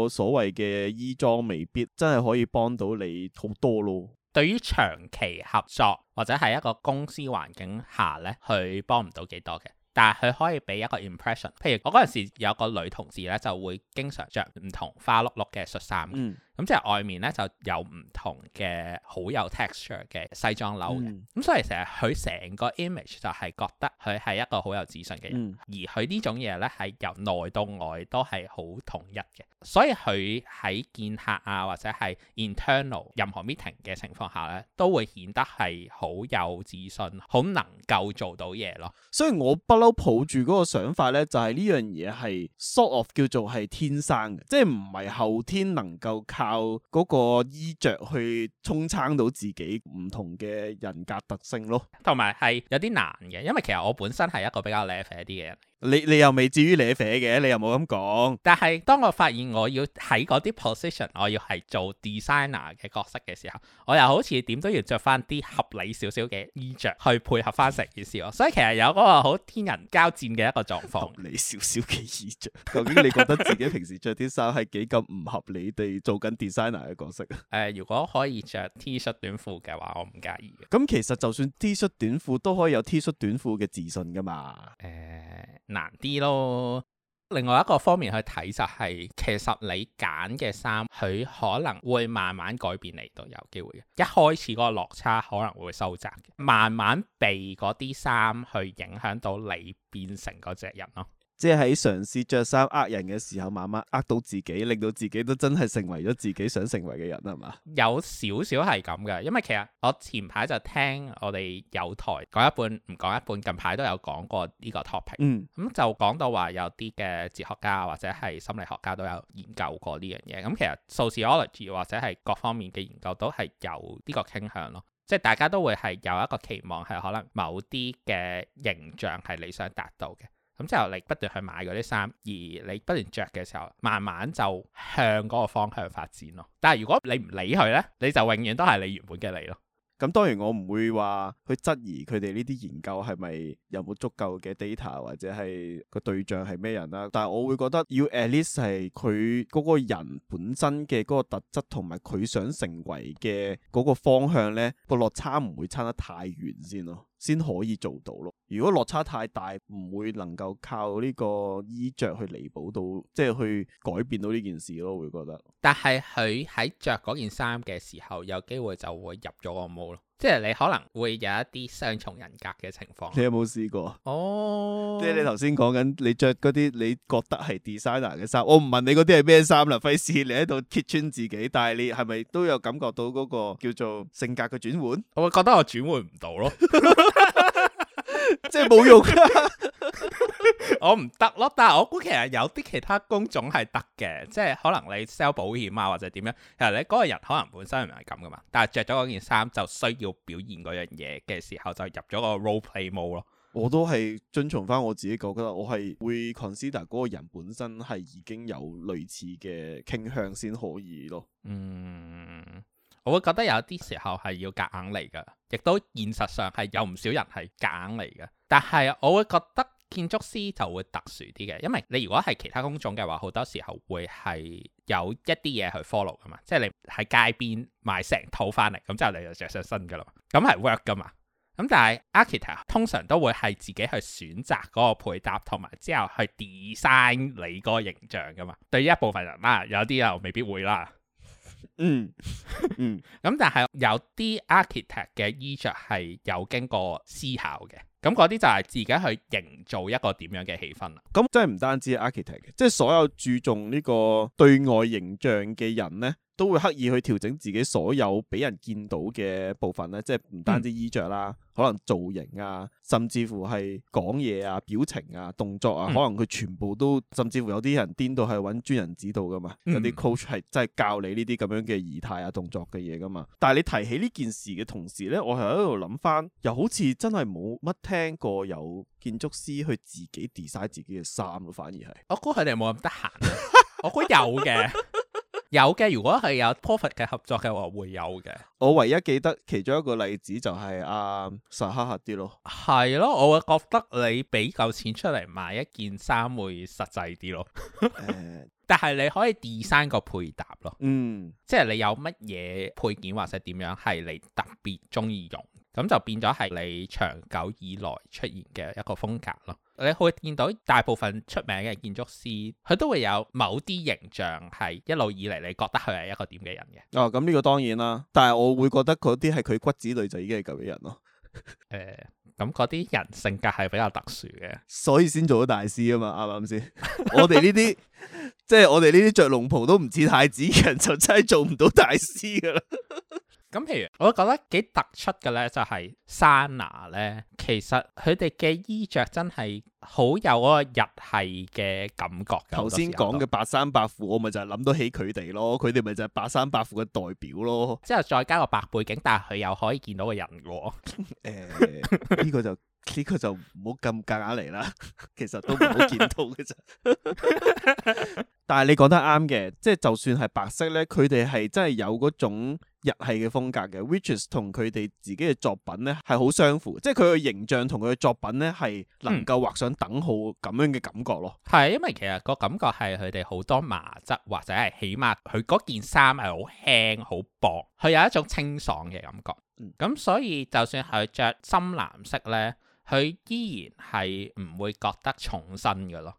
個所謂嘅衣裝未必真係可以幫到你好多咯。對於長期合作或者係一個公司環境下咧，佢幫唔到幾多嘅，但係佢可以俾一個 impression。譬如我嗰陣時有個女同事咧，就會經常着唔同花碌碌嘅恤衫。嗯咁即係外面咧就有唔同嘅好有 texture 嘅西裝褸嘅，咁、嗯嗯、所以成日佢成個 image 就係覺得佢係一個好有自信嘅人，嗯、而佢呢種嘢咧係由內到外都係好統一嘅，所以佢喺見客啊或者係 internal 任何 meeting 嘅情況下咧，都會顯得係好有自信，好能夠做到嘢咯。所以我不嬲抱住個想法咧，就係、是、呢樣嘢係 sort of 叫做係天生嘅，即係唔係後天能夠靠。靠嗰個衣着去衝撐到自己唔同嘅人格特性咯，同埋係有啲難嘅，因為其實我本身係一個比較叻一啲嘅人。你你又未至於你肥嘅，你又冇咁講。但係當我發現我要喺嗰啲 position，我要係做 designer 嘅角色嘅時候，我又好似點都要着翻啲合理少少嘅衣着去配合翻成件事咯。 所以其實有嗰個好天人交戰嘅一個狀況。合理少少嘅衣着，究竟你覺得自己平時着啲衫係幾咁唔合理地做緊 designer 嘅角色啊？誒、 呃，如果可以着 T 恤短褲嘅話，我唔介意。咁、嗯、其實就算 T 恤短褲都可以有 T 恤短褲嘅自信噶嘛？誒、呃。難啲咯。另外一個方面去睇就係、是，其實你揀嘅衫，佢可能會慢慢改變你，都有機會嘅。一開始嗰個落差可能會收窄嘅。慢慢被嗰啲衫去影響到你，變成嗰隻人咯。即係喺嘗試著衫呃人嘅時候，慢慢呃到自己，令到自己都真係成為咗自己想成為嘅人，係嘛？有少少係咁嘅，因為其實我前排就聽我哋有台講一半，唔講一半，近排都有講過呢個 topic。嗯，咁、嗯、就講到話有啲嘅哲學家或者係心理學家都有研究過呢樣嘢。咁、嗯、其實 sociology 或者係各方面嘅研究都係有呢個傾向咯。即係大家都會係有一個期望，係可能某啲嘅形象係你想達到嘅。咁之後你不斷去買嗰啲衫，而你不斷着嘅時候，慢慢就向嗰個方向發展咯。但係如果你唔理佢咧，你就永遠都係你原本嘅你咯。咁當然我唔會話去質疑佢哋呢啲研究係咪有冇足夠嘅 data，或者係個對象係咩人啦。但係我會覺得要 at least 係佢嗰個人本身嘅嗰個特質同埋佢想成為嘅嗰個方向咧，個落差唔會差得太遠先咯。先可以做到咯。如果落差太大，唔會能夠靠呢個衣着去彌補到，即係去改變到呢件事咯。我會覺得，但係佢喺着嗰件衫嘅時候，有機會就會入咗個帽咯。即係你可能會有一啲雙重人格嘅情況啊。你有冇試過？哦，即係你頭先講緊你着嗰啲你覺得係 designer 嘅衫，我唔問你嗰啲係咩衫啦，費事你喺度揭穿自己。但係你係咪都有感覺到嗰個叫做性格嘅轉換？我覺得我轉換唔到咯。 即係冇沒用， 我唔得咯。但係我估其實有啲其他工種係得嘅，即係可能你 sell 保險啊，或者點樣。其實你嗰個人可能本身唔係咁噶嘛，但係着咗嗰件衫就需要表現嗰樣嘢嘅時候，就入咗個 role play mode 咯。我都係遵從翻我自己覺得，我係會 consider 嗰個人本身係已經有類似嘅傾向先可以咯。嗯。我會覺得有啲時候係要夾硬嚟㗎，亦都現實上係有唔少人係夾硬嚟㗎。但係我會覺得建築師就會特殊啲嘅，因為你如果係其他工種嘅話，好多時候會係有一啲嘢去 follow 㗎嘛，即係你喺街邊買成套翻嚟，咁之後你就着上身㗎啦，咁係 work 噶嘛。咁但係 architect 通常都會係自己去選擇嗰個配搭，同埋之後去 design 你嗰個形象噶嘛。對於一部分人啦，有啲又未必會啦。嗯，嗯，咁 但係有啲 architect 嘅衣着係有經過思考嘅，咁嗰啲就係自己去營造一個點樣嘅氣氛啦。咁真係唔單止 architect 嘅，即係所有注重呢個對外形象嘅人呢。都會刻意去調整自己所有俾人見到嘅部分咧，即係唔單止衣着啦，嗯、可能造型啊，甚至乎係講嘢啊、表情啊、動作啊，可能佢全部都，嗯、甚至乎有啲人癲到係揾專人指導噶嘛，有啲 coach 係真係教你呢啲咁樣嘅儀態啊、動作嘅嘢噶嘛。但係你提起呢件事嘅同時咧，我係喺度諗翻，又好似真係冇乜聽過有建築師去自己 design 自己嘅衫，啊、反而係。我估佢哋冇咁得閒， 我估有嘅。有嘅，如果係有 profit 嘅合作嘅話，會有嘅。我唯一記得其中一個例子就係啊實黑黑啲咯。係咯，我會覺得你俾夠錢出嚟買一件衫會實際啲咯。 uh, 但係你可以 design 個配搭咯。嗯，um, 即係你有乜嘢配件或者點樣係你特別中意用，咁就變咗係你長久以來出現嘅一個風格咯。你會見到大部分出名嘅建築師，佢都會有某啲形象係一路以嚟你覺得佢係一個點嘅人嘅。哦，咁、嗯、呢、這個當然啦，但係我會覺得嗰啲係佢骨子裏就已經係咁嘅人咯。誒、呃，咁嗰啲人性格係比較特殊嘅，所以先做到大師啊嘛，啱唔啱先？我哋呢啲，即、就、係、是、我哋呢啲着龍袍都唔似太子人，就真係做唔到大師噶啦。 咁譬如，我覺得幾突出嘅咧，就係山拿咧，其實佢哋嘅衣着真係好有嗰個日系嘅感覺。頭先講嘅白衫白褲，我咪就係諗到起佢哋咯，佢哋咪就係白衫白褲嘅代表咯。之後再加個白背景，但係佢又可以見到個人嘅喎。呢、 欸呢個就～ 呢個就唔好咁夾硬嚟啦。其實都唔好見到嘅啫。 但係你講得啱嘅，即係就算係白色呢，佢哋係真係有嗰種日係嘅風格嘅 ，which is 同佢哋自己嘅作品呢係好相符。即係佢嘅形象同佢嘅作品呢係能夠畫上等號咁、嗯、樣嘅感覺咯。係因為其實個感覺係佢哋好多麻質或者係起碼佢嗰件衫係好輕好薄，佢有一種清爽嘅感覺。咁、嗯、所以就算係着深藍色呢。佢依然係唔會覺得重身嘅咯，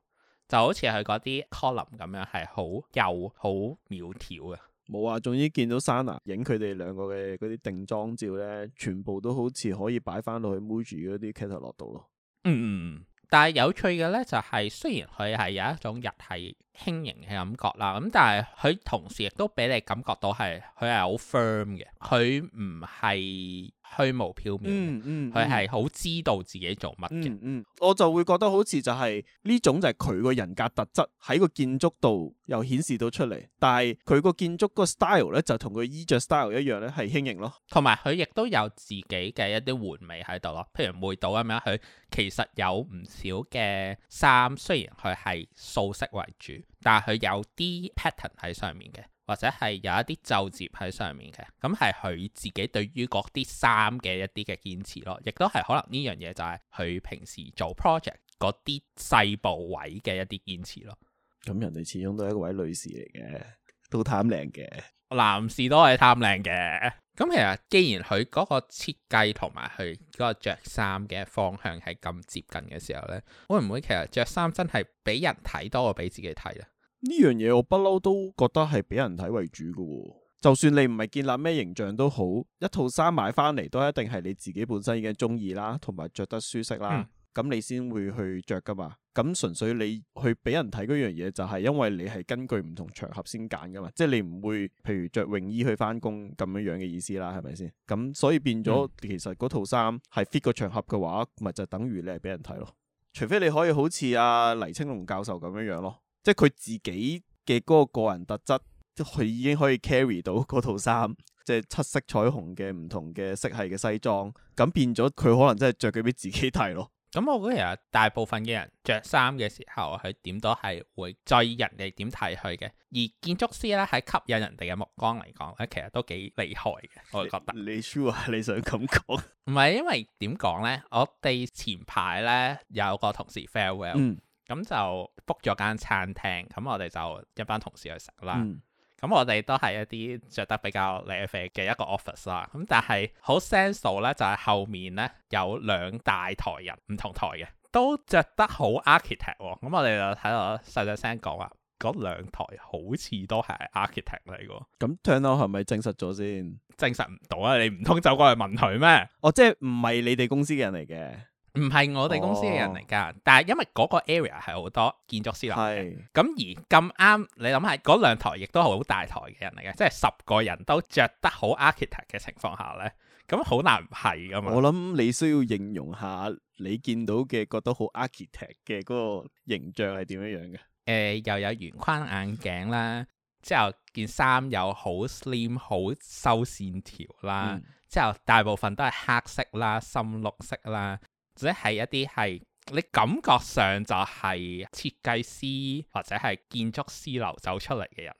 就好似佢嗰啲 column 咁樣，係好幼好苗條嘅。冇啊，總之見到 SANAA 影佢哋兩個嘅嗰啲定妝照咧，全部都好似可以擺翻到去 Muji 嗰啲 catalogue 落度咯。嗯嗯，但係有趣嘅咧就係、是，雖然佢係有一種日係輕盈嘅感覺啦，咁但係佢同時亦都俾你感覺到係佢係好 firm 嘅，佢唔係，虛無飄渺，佢係好知道自己做乜嘅，嗯嗯。我就會覺得好似就係、是，呢種就係佢個人格特質喺個建築度又顯示到出嚟，但係佢個建築個 style 咧就同佢衣着 style 一樣咧係輕盈咯。同埋佢亦都有自己嘅一啲玩味喺度咯，譬如妹島咁樣，佢其實有唔少嘅衫，雖然佢係素色為主，但係佢有啲 pattern 喺上面嘅。或者係有一啲糾結喺上面嘅，咁係佢自己對於嗰啲衫嘅一啲嘅堅持咯，亦都係可能呢樣嘢就係佢平時做 project 嗰啲細部位嘅一啲堅持咯。咁人哋始終都係一位女士嚟嘅，都貪靚嘅，男士都係貪靚嘅。咁其實既然佢嗰個設計同埋佢嗰個着衫嘅方向係咁接近嘅時候呢，會唔會其實着衫真係俾人睇多過俾自己睇呢？呢樣嘢我不嬲都覺得係俾人睇為主嘅喎，就算你唔係建立咩形象都好，一套衫買翻嚟都一定係你自己本身已經中意啦，同埋着得舒適啦，咁你先會去着噶嘛。咁純粹你去俾人睇嗰樣嘢，就係因為你係根據唔同場合先揀噶嘛，即係你唔會，譬如着泳衣去翻工咁樣樣嘅意思啦，係咪先？咁所以變咗，其實嗰套衫係 fit 個場合嘅話，咪就等於你係俾人睇咯。除非你可以好似阿、啊、黎青龍教授咁樣樣咯。即係佢自己嘅嗰個個人特質，即係佢已經可以 carry 到嗰套衫，即係七色彩虹嘅唔同嘅色系嘅西裝，咁變咗佢可能真係着嘅俾自己睇咯。咁、嗯、我覺得其實大部分嘅人着衫嘅時候，佢點都係會追人哋點睇佢嘅。而建築師咧喺吸引人哋嘅目光嚟講咧，其實都幾厲害嘅，我係覺得。 你，你 s、sure? 你想咁講？唔 係因為點講咧？我哋前排咧有個同事 farewell。Farewell, 嗯咁就 book 咗間餐廳，咁我哋就一班同事去食啦。咁、嗯、我哋都係一啲着得比較靚 fit 嘅一個 office 啦。咁但係好 sensible 咧，就係、是、後面咧有兩大台人，唔同台嘅，都着得好 architect、哦。咁我哋就睇到細細聲講啊，嗰兩台好似都係 architect 嚟嘅。咁張、嗯、到係咪證實咗先？證實唔到啊！你唔通走過去問佢咩？哦，即係唔係你哋公司嘅人嚟嘅。唔係我哋公司嘅人嚟噶，哦、但係因為嗰個 area 係是好多建築師樓，咁而咁啱你諗下，嗰兩台亦都係好大台嘅人嚟嘅，即係十個人都着得好 architect 嘅情況下咧，咁好難唔係噶嘛。我諗你需要形容下你見到嘅覺得好 architect 嘅嗰個形象係點樣樣嘅？誒、呃、又有圓框眼鏡啦， 之後件衫又好 slim 好收線條啦，嗯、之後大部分都係黑色啦、深綠色啦。或者係一啲係你感覺上就係設計師或者係建築師流走出嚟嘅人，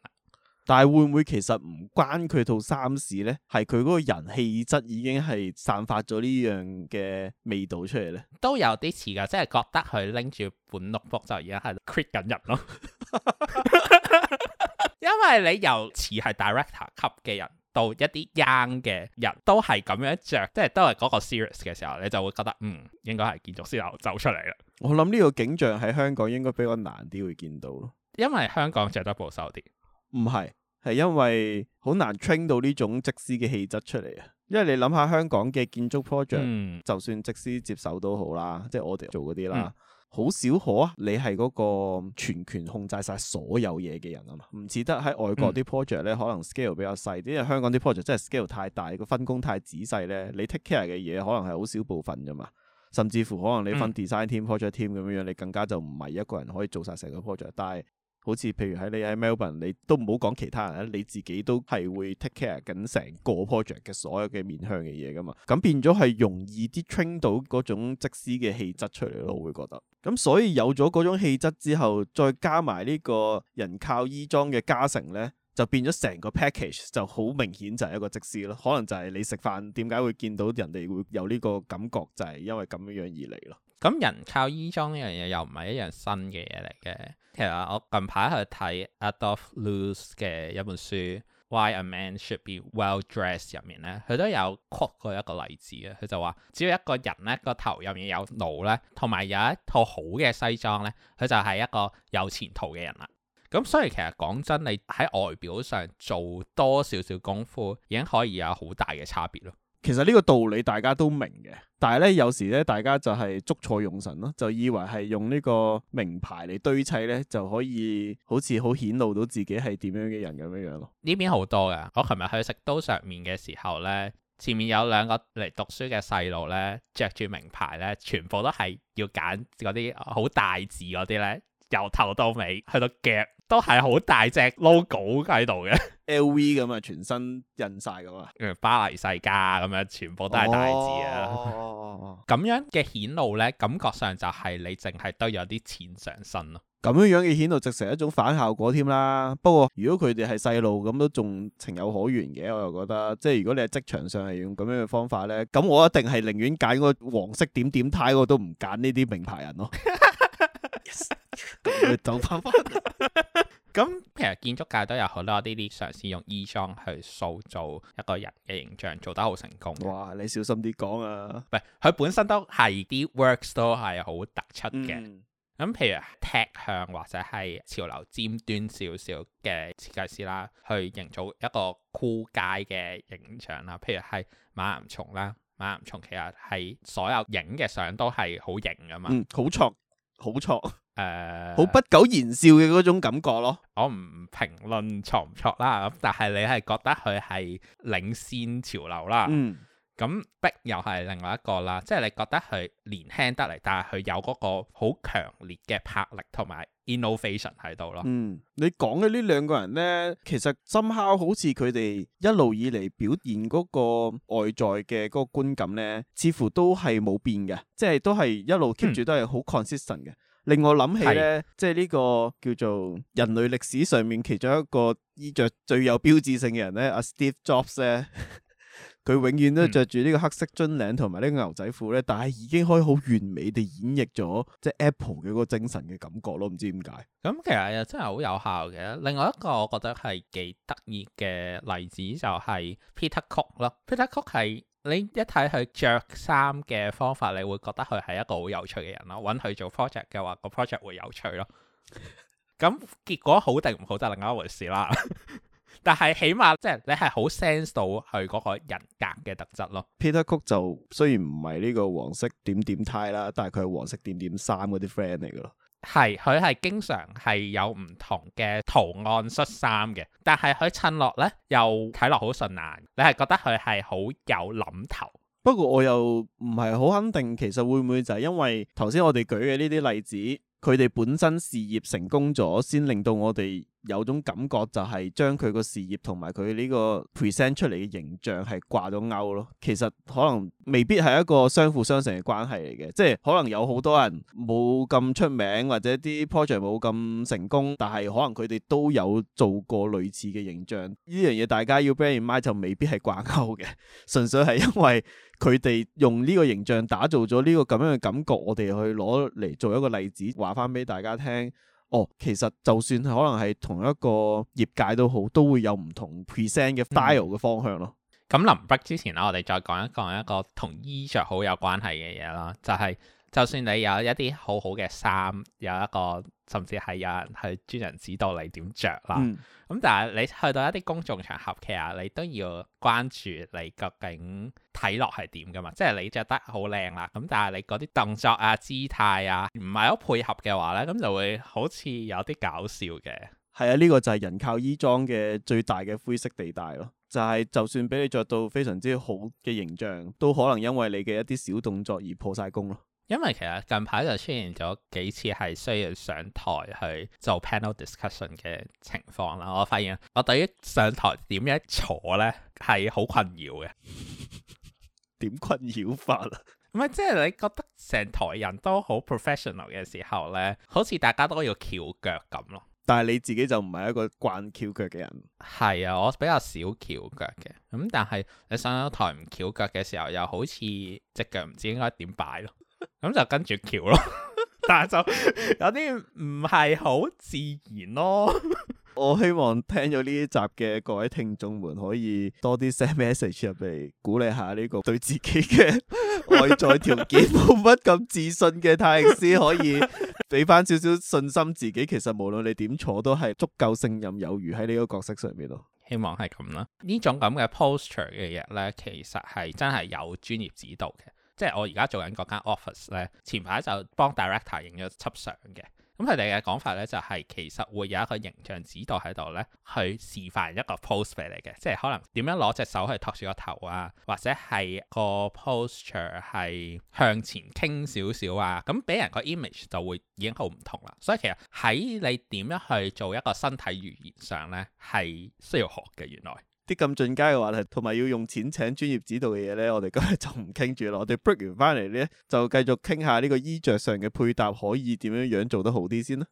但係會唔會其實唔關佢套衫事呢？係佢嗰個人氣質已經係散發咗呢樣嘅味道出嚟呢，都有啲似噶，即係覺得佢拎住本 notebook 就而家係 create 緊人咯。 因為你又似係 director 級嘅人。到一啲 young 嘅人，都係咁樣着，即係都係嗰個 serious 嘅時候，你就會覺得，嗯，應該係建築師樓走出嚟啦。我諗呢個景象喺香港應該比較難啲會見到咯，因為香港着得保守啲，唔係係因為好難 train 到呢種則師嘅氣質出嚟啊。因為你諗下香港嘅建築 project，、嗯、就算則師接手都好啦，即係我哋做嗰啲啦。好少可啊！你係嗰個全權控制晒所有嘢嘅人啊嘛，唔似得喺外國啲 project 咧，可能 scale 比較細啲。因為香港啲 project 真係 scale 太大，個分工太仔細咧，你 take care 嘅嘢可能係好少部分咋嘛。甚至乎可能你份 design team、嗯、project team 咁樣樣，你更加就唔係一個人可以做晒成個 project，但係。好似譬如喺你喺 Melbourne，你都唔好講其他人啦，你自己都係會 take care 緊成個 project 嘅所有嘅面向嘅嘢噶嘛，咁變咗係容易啲 train 到嗰種則師嘅氣質出嚟咯，我會覺得，咁所以有咗嗰種氣質之後，再加埋呢個人靠衣裝嘅加成咧，就變咗成個 package 就好明顯就係一個則師咯，可能就係你食飯點解會見到人哋會有呢個感覺，就係因為咁樣樣而嚟咯。咁人靠衣裝呢樣嘢又唔係一樣新嘅嘢嚟嘅。其實我近排去睇 Adolf Loos 嘅一本書《Why a Man Should Be Well Dressed》入面咧，佢都有 quote 過一個例子嘅。佢就話只要一個人咧個頭入面有腦咧，同埋有一套好嘅西裝咧，佢就係一個有前途嘅人啦。咁所以其實講真，你喺外表上做多少少功夫，已經可以有好大嘅差別咯。其實呢個道理大家都明嘅，但係咧有時咧，大家就係捉錯用神咯，就以為係用呢個名牌嚟堆砌咧，就可以好似好顯露到自己係點樣嘅人咁樣樣咯。呢邊好多噶。我琴日去食刀削麵嘅時候咧，前面有兩個嚟讀書嘅細路咧，着住名牌咧，全部都係要揀嗰啲好大字嗰啲咧，由頭到尾去到夾都係好大隻 logo 喺度嘅。L V 咁啊，全身印晒噶嘛，巴黎世家咁樣，全部都係大字啊！咁、哦哦哦、 樣嘅顯露咧，感覺上就係你淨係得有啲錢上身咯。咁樣樣嘅顯露，直成一種反效果添啦。不過如果佢哋係細路，咁都仲情有可原嘅。我又覺得，即係如果你係職場上係用咁樣嘅方法咧，咁我一定係寧願揀個黃色點點呔我都唔揀呢啲名牌人咯。哈翻翻。咁其實建築界都有好多啲啲嘗試用衣裝去塑造一個人嘅形象，做得好成功。哇！你小心啲講啊，佢、嗯、本身都係啲 works 都係好突出嘅。咁、嗯、譬如踢向或者係潮流尖端少少嘅設計師啦，去營造一個 cool guy 嘅形象啦。譬如係馬岩松啦，馬岩松其實係所有影嘅相都係好型㗎嘛，好挫、嗯，好挫。誒，好、uh, 不苟言笑嘅嗰種感覺咯。我唔評論錯唔錯啦，咁但係你係覺得佢係領先潮流啦。嗯，咁畢又係另外一個啦，即係你覺得佢年輕得嚟，但係佢有嗰個好強烈嘅魄力同埋 innovation 喺度咯。嗯，你講嘅呢兩個人呢，其實 somehow 好似佢哋一路以嚟表現嗰個外在嘅嗰個觀感呢，似乎都係冇變嘅，即係都係一路 keep 住都係好 consistent 嘅。嗯令我諗起咧，的即係呢個叫做人類歷史上面其中一個衣着最有標誌性嘅人咧，阿 Steve Jobs 咧，佢 永遠都着住呢個黑色樽領同埋呢個牛仔褲咧，但係已經可以好完美地演繹咗即係 Apple 嘅個精神嘅感覺咯，唔知點解。咁、嗯、其實又真係好有效嘅。另外一個我覺得係幾得意嘅例子就係 Peter Cook Peter Cook 係。你一睇佢着衫嘅方法，你會覺得佢係一個好有趣嘅人咯。揾佢做 project 嘅話，個 project 會有趣咯。咁 結果好定唔好就另外一回事啦。 但係起碼即係、就是、你係好 sense 到佢嗰個人格嘅特質咯。Peter Cook 就雖然唔係呢個黃色點點 tie 啦，但係佢係黃色點點衫嗰啲 friend 嚟噶咯。係，佢係經常係有唔同嘅圖案恤衫嘅，但係佢襯落呢又睇落好順眼，你係覺得佢係好有諗頭。不過我又唔係好肯定，其實會唔會就係因為頭先我哋舉嘅呢啲例子，佢哋本身事業成功咗，先令到我哋。有種感覺就係將佢個事業同埋佢呢個 present 出嚟嘅形象係掛咗鈎咯，其實可能未必係一個相輔相成嘅關係嚟嘅，即係可能有好多人冇咁出名或者啲 project 冇咁成功，但係可能佢哋都有做過類似嘅形象，呢樣嘢大家要 bear in mind 就未必係掛鈎嘅，純粹係因為佢哋用呢個形象打造咗呢個咁樣嘅感覺，我哋去攞嚟做一個例子話翻俾大家聽。哦，其實就算係可能係同一個業界都好，都會有唔同 present 嘅 style 嘅方向咯。咁林、嗯、北之前啦、啊，我哋再講一講一個同衣着好有關係嘅嘢啦，就係、是。就算你有一啲好好嘅衫，有一個甚至係有人去專人指導你點着啦。咁、嗯、但係你去到一啲公眾場合，其實你都要關注你究竟睇落係點噶嘛。即係你着得好靚啦，咁但係你嗰啲動作啊、姿態啊唔係好配合嘅話咧，咁就會好似有啲搞笑嘅。係啊，呢、呢個就係人靠衣裝嘅最大嘅灰色地帶咯。就係、是、就算俾你着到非常之好嘅形象，都可能因為你嘅一啲小動作而破晒功咯。因為其實近排就出現咗幾次係需要上台去做 panel discussion 嘅情況啦，我發現我對於上台點樣坐呢係好困擾嘅。點困擾法啊？即係你覺得成台人都好 professional 嘅時候呢，好似大家都要翹腳咁咯。但係你自己就唔係一個慣翹腳嘅人。係啊，我比較少翹腳嘅。咁但係你上咗台唔翹腳嘅時候，又好似隻腳唔知應該點擺咯。咁就跟住橋咯， 但係就有啲唔係好自然咯。 我希望聽咗呢一集嘅各位聽眾們可以多啲 send message 入嚟鼓勵下呢個對自己嘅外在條件冇乜咁自信嘅則師，可以俾翻少少信心自己。其實無論你點坐，都係足夠勝任有餘喺呢個角色上面囉。希望係咁啦。這種這呢種咁嘅 posture 嘅嘢咧，其實係真係有專業指導嘅。即係我而家做緊嗰間 office 咧，前排就幫 director 影咗輯相嘅。咁佢哋嘅講法咧就係，其實會有一個形象指導喺度咧，去示範一個 pose 俾你嘅，即係可能點樣攞隻手去托住個頭啊，或者係個 posture 係向前傾少少啊，咁俾人個 image 就會已經好唔同啦。所以其實喺你點樣去做一個身體語言上咧，係需要學嘅原來。啲咁進階嘅話題，同埋要用錢請專業指導嘅嘢咧，我哋今日就唔傾住啦。我哋 break 完翻嚟咧，就繼續傾下呢個衣着上嘅配搭可以點樣樣做得好啲先啦。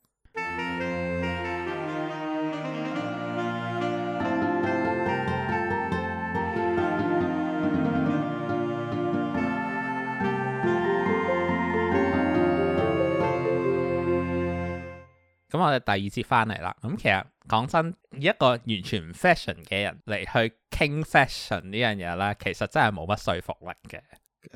咁我哋第二節翻嚟啦。咁、嗯、其實講真，以一個完全唔 fashion 嘅人嚟去傾 fashion 呢樣嘢咧，其實真係冇乜說服力嘅。誒、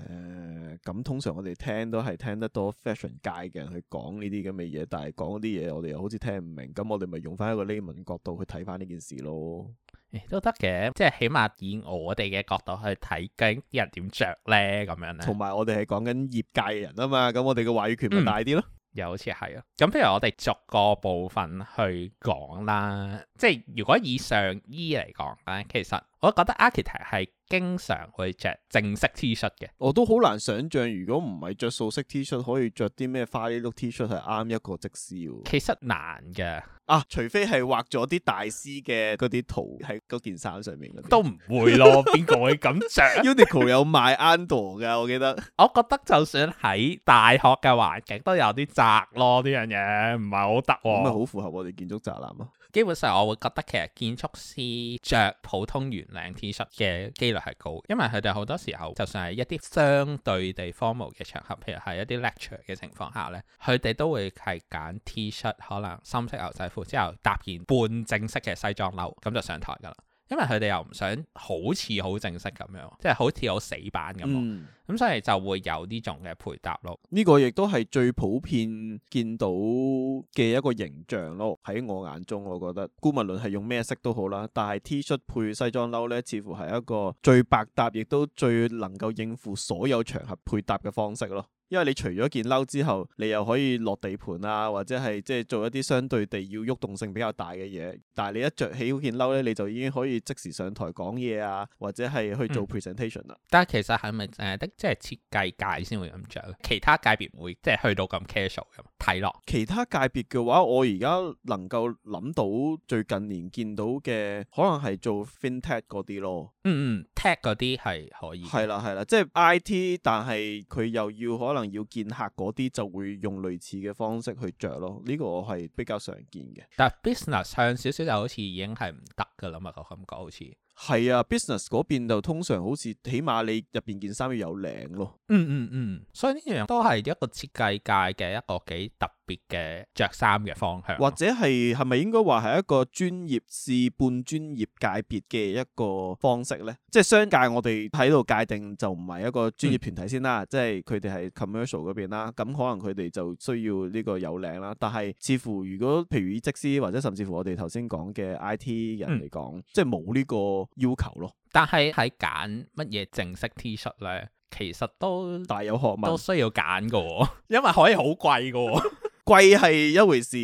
呃，咁、嗯、通常我哋聽都係聽得多 fashion 界嘅人去講呢啲咁嘅嘢，但係講啲嘢我哋又好似聽唔明。咁我哋咪用翻一個 layman 角度去睇翻呢件事咯。誒，都得嘅，即係起碼以我哋嘅角度去睇，究竟啲人點着，咧咁樣咧。同埋我哋係講緊業界嘅人啊嘛，咁我哋嘅話語權咪大啲咯。嗯又好似係啊，咁譬如我哋逐個部分去講啦，即係如果以上衣嚟講咧，其實我覺得 architect 係經常會着正式 T 恤嘅。我都好難想像，如果唔係着素色 T 恤，可以着啲咩花呢碌 T 恤係啱一個則師。其實難嘅。啊！除非係畫咗啲大師嘅嗰啲圖喺嗰件衫上面，嗰啲都唔會咯。邊個 會咁着？Uniqlo 有買 under 嘅，我記得。我覺得就算喺大學嘅環境都有啲窄咯，呢樣嘢唔係好得。咁咪好符合我哋建築宅男咯。基本上，我會覺得其實建築師着普通圓領 T 恤嘅機率係高，因為佢哋好多時候，就算係一啲相對地 formal 嘅場合，譬如係一啲 lecture 嘅情況下呢，佢哋都會係揀 T 恤，shirt，可能深色牛仔褲之後搭件半正式嘅西裝褸，咁就上台㗎啦。因為佢哋又唔想好似好正式咁樣，即係好似有死板咁，咁，嗯，所以就會有呢種嘅配搭咯。呢個亦都係最普遍見到嘅一個形象咯。喺我眼中，我覺得無論係用咩色都好啦，但係 T 恤配西裝褸呢，似乎係一個最百搭，亦都最能夠應付所有場合配搭嘅方式咯。因為你除咗件褸之後，你又可以落地盤啊，或者係即係做一啲相對地要喐動性比較大嘅嘢。但係你一着起件褸咧，你就已經可以即時上台講嘢啊，或者係去做 presentation 啦、嗯。但係其實係咪誒，即係設計界先會咁着？其他界別唔會即係去到咁 casual 咁睇落？其他界別嘅話，我而家能夠諗到最近年見到嘅，可能係做 fintech 嗰啲咯。嗯嗯，tech 嗰啲係可以。係啦係啦，即係 IT，但係佢又要可能。要見客嗰啲就會用類似嘅方式去着咯，呢個我係比較常見嘅。但係 business 向少少就好似已經係唔得噶啦嘛，個感覺好似。係啊，business 嗰邊就通常好似起碼你入邊件衫要有領咯。嗯嗯嗯，所以呢樣都係一個設計界嘅一個幾特別嘅着衫嘅方向，或者係係咪應該話係一個專業至半專業界別嘅一個方式呢？即係商界我哋喺度界定就唔係一個專業團體先啦，嗯、即係佢哋係 commercial 嗰邊啦，咁可能佢哋就需要呢個有領啦。但係似乎如果譬如則師或者甚至乎我哋頭先講嘅 IT 人嚟講，嗯、即係冇呢個要求咯。但係喺揀乜嘢正式 T 恤呢，其實都大有學問，都需要揀噶， 因為可以好貴噶。 貴係一回事，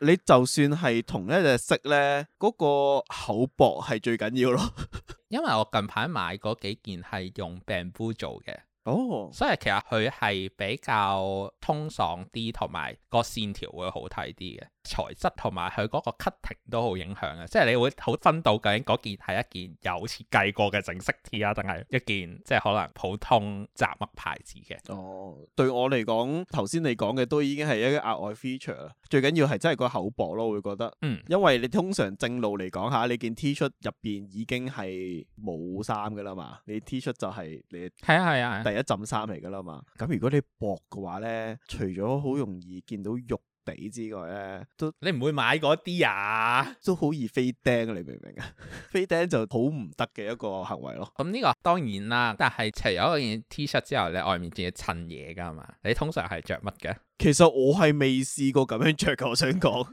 你就算係同一隻色呢，嗰、嗰個厚薄係最緊要咯。 因為我近排買嗰幾件係用 Bamboo 做嘅，哦，oh. 所以其實佢係比較通爽啲，同埋個線條會好睇啲嘅。材質同埋佢嗰個 cutting 都好影響嘅，即係你會好分到究竟嗰件係一件有設計過嘅正式 T 啊，定係一件即係可能普通雜物牌子嘅？哦，對我嚟講，頭先你講嘅都已經係一個額外 feature 啦。最緊要係真係個厚薄咯，會覺得，嗯，因為你通常正路嚟講吓，你件 T 恤入邊已經係冇衫噶啦嘛，你 T 恤就係你係啊係啊，第一浸衫嚟噶啦嘛。咁的如果你薄嘅話咧，除咗好容易見到肉。底之外咧，都你唔會買嗰啲啊，都好易飛釘。你明唔明啊？ 飛釘就好唔得嘅一個行為咯。咁呢個當然啦，但係除咗件 T 恤之後咧，你外面仲要襯嘢噶嘛？你通常係着乜嘅？其實我係未試過咁樣着噶。我想講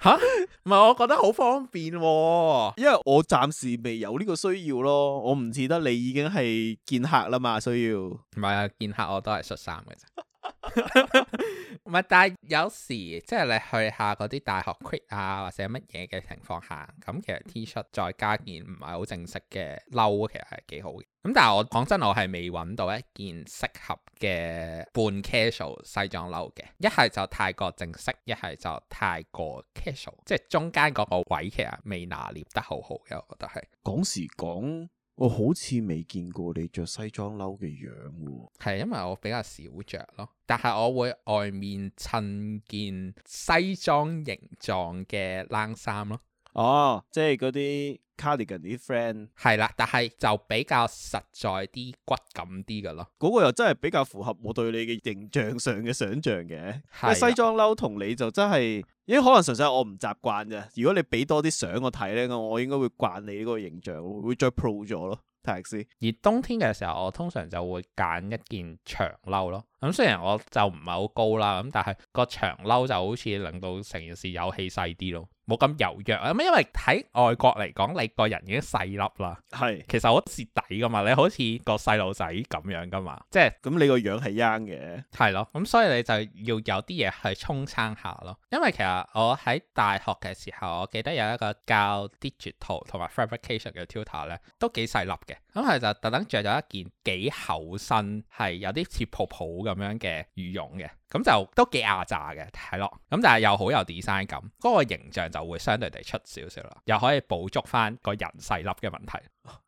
吓，唔 係 我覺得好方便哦，因為我暫時未有呢個需要咯。我唔似得你已經係見客啦嘛，需要唔係啊？見客我都係恤衫嘅啫。 唔係， 但係有時即係你去下嗰啲大學 quit 啊，或者乜嘢嘅情況下，咁其實 T 恤再加件唔係好正式嘅褸，其實係幾好嘅。咁但係我講真，我係未揾到一件適合嘅半 casual 西裝褸嘅。一係就太過正式，一係就太過 casual，即係中間嗰個位其實未拿捏得好好嘅。我覺得係講時講。我好似未見過你着西裝褸嘅樣喎。係因為我比較少着咯，但係我會外面襯件西裝形狀嘅冷衫咯。哦，即係嗰啲 cardigan 啲 friend。係啦，但係就比較實在啲、骨感啲㗎咯。嗰個又真係比較符合我對你嘅形象上嘅想像嘅。係。西裝褸同你就真係。因為可能純粹我唔習慣啫，如果你俾多啲相我睇咧，我應該會慣你呢個形象，會再 pro 咗咯。睇下先。而冬天嘅時候，我通常就會揀一件長褸咯。咁雖然我就唔係好高啦，咁但係個長褸就好似令到成件事有氣勢啲咯。冇咁柔弱啊！咁、嗯、因為喺外國嚟講，你個人已經細粒啦。係是，其實好蝕底噶嘛，你好似個細路仔咁樣噶嘛。即係，咁、嗯、你個樣係 young 嘅。係咯，咁、嗯、所以你就要有啲嘢去充撐下咯。因為其實我喺大學嘅時候，我記得有一個教 digital 同埋 fabrication 嘅 tutor 咧，都幾細粒嘅。咁、嗯、佢就特登着咗一件幾厚身，係有啲似泡泡咁樣嘅羽絨嘅。咁就都幾亞炸嘅，係咯。咁但係又好有 design 感，嗰個形象就會相對地出少少啦。又可以捕捉翻個人細粒嘅問題。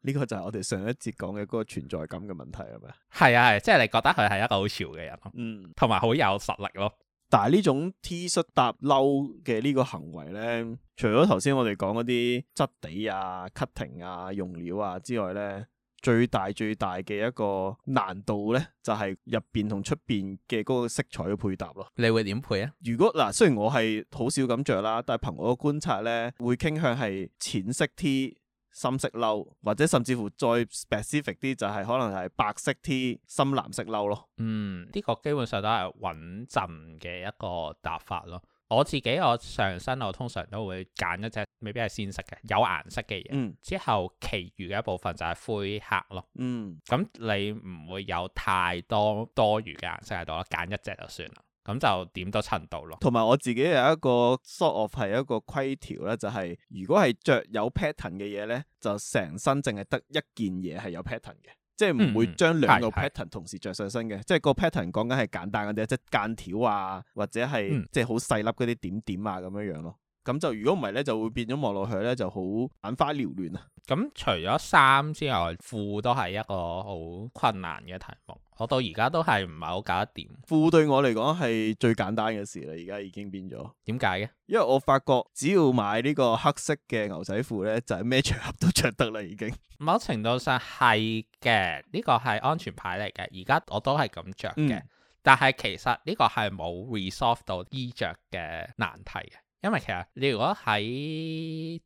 呢個就係我哋上一節講嘅嗰個存在感嘅問題，係咪？係啊，係，即係你覺得佢係一個好潮嘅人咯。嗯，同埋好有實力咯。但係呢種 T 恤搭褸嘅呢個行為呢，除咗頭先我哋講嗰啲質地啊、cutting 啊、用料啊之外呢。最大最大嘅一個難度呢，就係、是、入邊同出邊嘅嗰個色彩嘅配搭咯。你會點配啊？如果嗱、呃，雖然我係好少咁着啦，但係憑我嘅觀察呢，會傾向係淺色 T、深色褸，或者甚至乎再 specific 啲，就係可能係白色 T、深藍色褸咯。嗯，呢、這個基本上都係穩陣嘅一個搭法咯。我自己我上身我通常都會揀一隻，未必係鮮色嘅，有顏色嘅嘢。嗯、之後，其餘嘅一部分就係灰黑咯。嗯，咁你唔會有太多多餘嘅顏色喺度咯，揀一隻就算啦。咁就點都襯到咯。同埋我自己有一個 sort of 係一個規條咧，就係、是、如果係着有 pattern 嘅嘢咧，就成身淨係得一件嘢係有 pattern 嘅。即係唔會將兩個 pattern 同時着上身嘅、嗯，即係個 pattern 講緊係簡單嘅啫，即係間條啊，或者係即係好細粒嗰啲點點啊咁樣樣咯。咁就如果唔係咧，就會變咗望落去咧就好眼花撩亂啊。咁、嗯嗯、除咗衫之外，褲都係一個好困難嘅題目。我到而家都係唔係好搞得掂。褲對我嚟講係最簡單嘅事啦，而家已經變咗。點解嘅？因為我發覺只要買呢個黑色嘅牛仔褲呢，就係咩場合都着得啦，已經。某程度上係嘅，呢、呢個係安全牌嚟嘅。而家我都係咁着嘅，嗯、但係其實呢個係冇 resolve 到衣着嘅難題嘅。因為其實你如果喺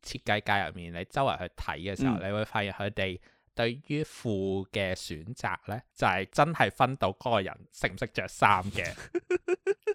設計界入面，你周圍去睇嘅時候，嗯、你會發現佢哋。對於褲嘅選擇呢，就係真係分到嗰個人識唔識着衫嘅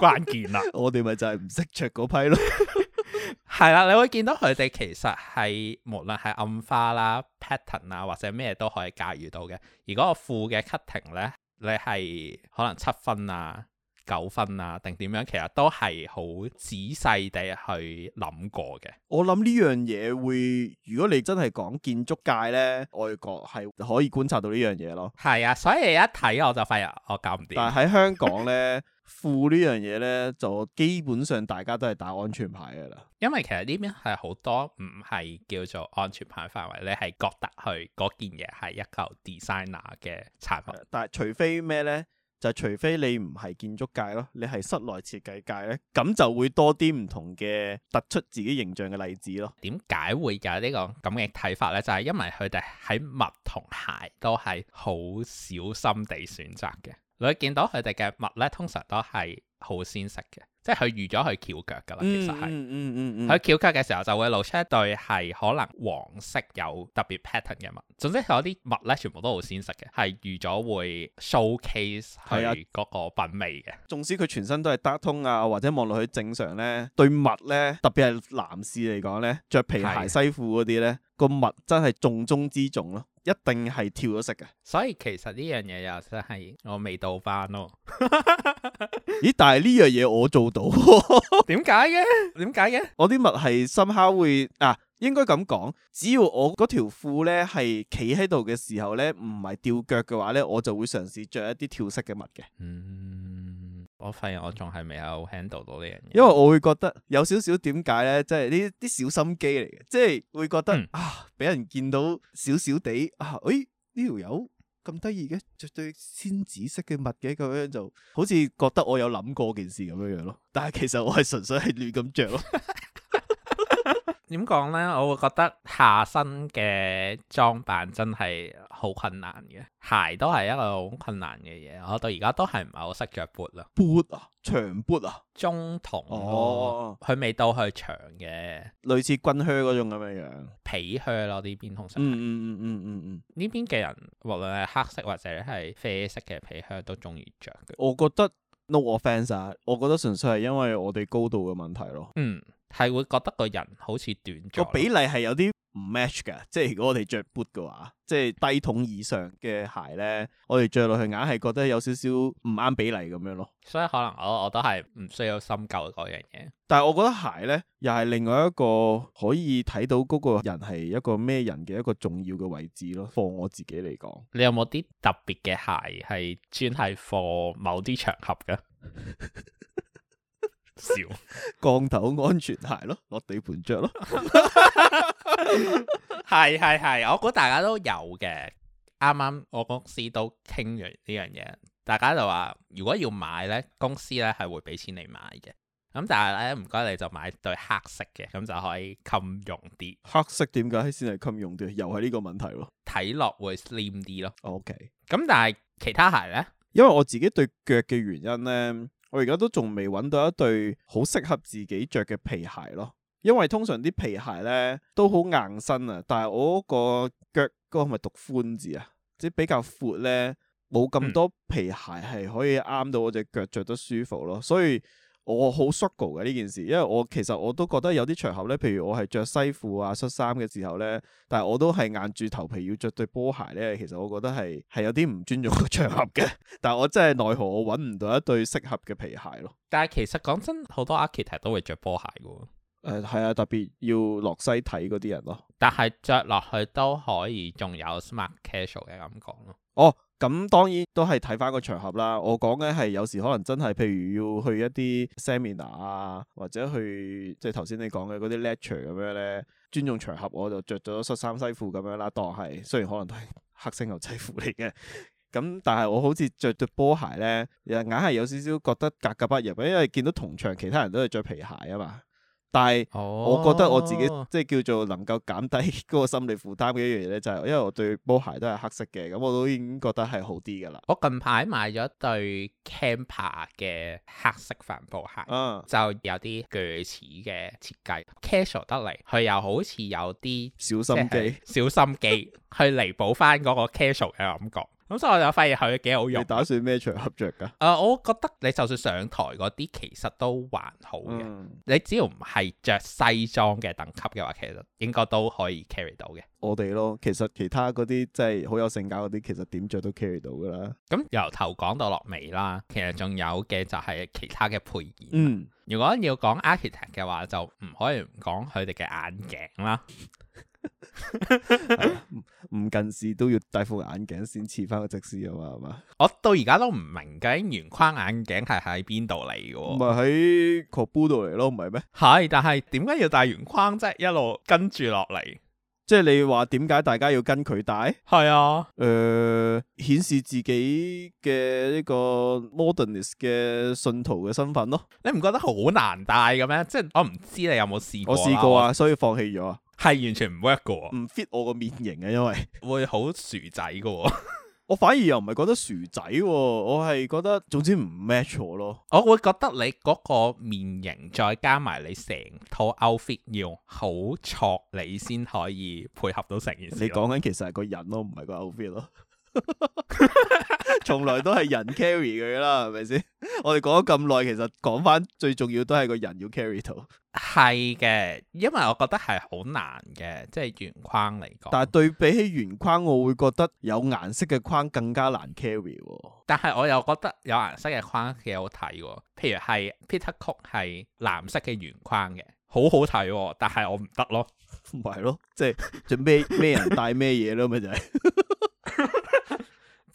關鍵啦。 我哋咪就係唔識着嗰批咯。係 啦，你會見到佢哋其實係無論係暗花啦、pattern 啊，或者咩都可以駕馭到嘅。而嗰個褲嘅 cutting 呢，你係可能七分啊。九分啊，定點樣，其實都係好仔細地去諗過嘅。我諗呢樣嘢會，如果你真係講建築界呢，外國係可以觀察到呢樣嘢咯。係啊，所以一睇我就發現，我搞唔掂。但係喺香港呢，褲呢樣嘢呢，就基本上大家都係打安全牌噶啦。因為其實呢邊係好多唔係叫做安全牌範圍，你係覺得佢嗰件嘢係一嚿 designer 嘅產品。啊、但係除非咩呢？就除非你唔係建築界咯，你係室內設計界咧，咁就會多啲唔同嘅突出自己形象嘅例子咯。點解會有、這個、呢個咁嘅睇法咧？就係、是、因為佢哋喺襪同鞋都係好小心地選擇嘅。你會見到佢哋嘅襪咧，通常都係。好鮮色嘅，即係佢預咗去翹腳噶啦。其實係、嗯，嗯嗯嗯佢翹腳嘅時候就會露出一對係可能黃色有特別 pattern 嘅襪。總之，嗰啲襪咧全部都好鮮色嘅，係預咗會 showcase 係嗰個品味嘅。縱使佢全身都係得通啊，或者望落去正常咧，對襪咧特別係男士嚟講咧，着皮鞋西褲嗰啲咧，個襪真係重中之重咯。一定係跳咗色嘅，所以其實呢樣嘢又真係我未到返咯。 咦？但係呢樣嘢我做到，點解嘅？點解嘅？我啲襪係深刻會啊，應該咁講，只要我嗰條褲咧係企喺度嘅時候咧，唔係吊腳嘅話咧，我就會嘗試着一啲跳色嘅襪嘅。嗯。我發現我仲係未有 handle 到呢樣嘢，因為我會覺得有少少點解咧，即係呢啲小心機嚟嘅，即係會覺得、嗯、啊，俾人見到少少地啊，誒呢條友咁得意嘅，着、這個、對鮮紫色嘅襪嘅，咁樣就好似覺得我有諗過件事咁樣樣咯，但係其實我係純粹係亂咁着咯。 點講咧，我會覺得下身嘅裝扮真係好困難嘅，鞋都係一個好困難嘅嘢。我到而家都係唔係好識着 boot 啦 boot 啊，長 boot 啊，中筒哦，佢未到去長嘅，類似軍靴嗰種咁嘅樣皮靴咯。呢邊通常、嗯，嗯嗯嗯嗯嗯嗯，呢、嗯嗯嗯、邊嘅人無論係黑色或者係啡色嘅皮靴都中意着嘅。我覺得 no offence、啊、我覺得純粹係因為我哋高度嘅問題咯。嗯。係會覺得個人好似短咗，個比例係有啲唔 match 嘅。即係如果我哋着 boot 嘅話，即係低筒以上嘅鞋咧，我哋着落去硬係覺得有少少唔啱比例咁樣咯。所以可能我我都係唔需要深究嗰樣嘢。但係我覺得鞋咧，又係另外一個可以睇到嗰個人係一個咩人嘅一個重要嘅位置咯。放我自己嚟講，你有冇啲特別嘅鞋係專係放某啲場合嘅？ 笑，鋼頭安全鞋咯，落地盤着咯，係係係，我估大家都有嘅。啱啱我公司都傾完呢樣嘢，大家就話如果要買呢，公司咧係會俾錢你買嘅。咁、嗯、但係咧，唔該你就買對黑色嘅，咁就可以襟用啲。黑色點解先係襟用啲？又係呢個問題咯，睇落會 slim 啲咯。OK，咁但係其他鞋呢？因為我自己對腳嘅原因呢。我而家都仲未揾到一對好適合自己着嘅皮鞋咯，因為通常啲皮鞋呢都好硬身啊，但係我嗰個腳嗰個係咪讀寬字啊？即比較闊呢，冇咁多皮鞋係可以啱到我隻腳着得舒服咯，所以。我好 struggle 嘅呢件事，因為我其實我都覺得有啲場合咧，譬如我係着西褲啊、恤衫嘅時候咧，但係我都係硬住頭皮要着對波鞋咧，其實我覺得係係有啲唔尊重個場合嘅。但係我真係奈何我搵唔到一對適合嘅皮鞋咯。但係其實講真，好多 architect 都會着波鞋嘅。誒，係啊，特別要落 site 睇嗰啲人咯。但係着落去都可以，仲有 smart casual 嘅感覺咯。哦。咁當然都係睇翻個場合啦。我講嘅係有時可能真係，譬如要去一啲 seminar 啊，或者去即係頭先你講嘅嗰啲 lecture 咁樣咧，尊重場合我就着咗恤衫西褲咁樣啦，當係雖然可能都係黑色牛仔褲嚟嘅。咁 但係我好似着對波鞋咧，又硬係有少少覺得格格不入，因為見到同場其他人都係着皮鞋啊嘛。但係，我覺得我自己即係叫做能夠減低嗰個心理負擔嘅一樣嘢咧，就係、係、因為我對波鞋都係黑色嘅，咁我都已經覺得係好啲噶啦。我近排買咗對 Camper 嘅黑色帆布鞋，啊、就有啲鋸齒嘅設計，casual 得嚟，佢又好似有啲小心機、就係，小心機 去彌補翻嗰個 casual 嘅感覺。咁、嗯、所以我就發現佢幾好用。你打算咩場合着噶？誒、呃，我覺得你就算上台嗰啲，其實都還好嘅。嗯、你只要唔係着西裝嘅等級嘅話，其實應該都可以 carry 到嘅。我哋咯，其實其他嗰啲即係好有性格嗰啲，其實點着都 carry 到噶啦。咁由、嗯嗯、頭講到落尾啦，其實仲有嘅就係其他嘅配件。嗯，如果要講 architect 嘅話，就唔可以唔講佢哋嘅眼鏡啦。 唔、 啊、近視都要戴副眼鏡先似翻個則師啊嘛，係嘛？我到而家都唔明，圓框眼鏡係喺邊度嚟嘅？唔係喺 Corbu 嚟咯，唔係咩？係，但係點解要戴圓框？即係一路跟住落嚟，即係你話點解大家要跟佢戴？係啊，誒、呃，顯示自己嘅呢個 Modernist 嘅信徒嘅身份咯。你唔覺得好難戴嘅咩？即係我唔知你有冇試過、啊，我試過啊，所以放棄咗啊。係完全唔 work 個，唔 fit 我個面型啊，因為會好薯仔個。我反而又唔係覺得薯仔，我係覺得總之唔 match 我咯。我會覺得你嗰個面型再加埋你成套 outfit 要好錯，你先可以配合到成件事。你講緊其實係個人咯，唔係個 outfit 咯，從來都係人 carry 佢啦，係咪先？我哋講咗咁耐，其實講翻最重要都係個人要 carry 到。係嘅，因為我覺得係好難嘅，即係圓框嚟講。但係對比起圓框，我會覺得有顏色嘅框更加難 carry。但係我又覺得有顏色嘅框幾好睇，譬如係 Peter 曲係藍色嘅圓框嘅，好好睇、哦。但係我唔得咯，唔係咯，即係就咩咩人帶咩嘢咯，咪就係。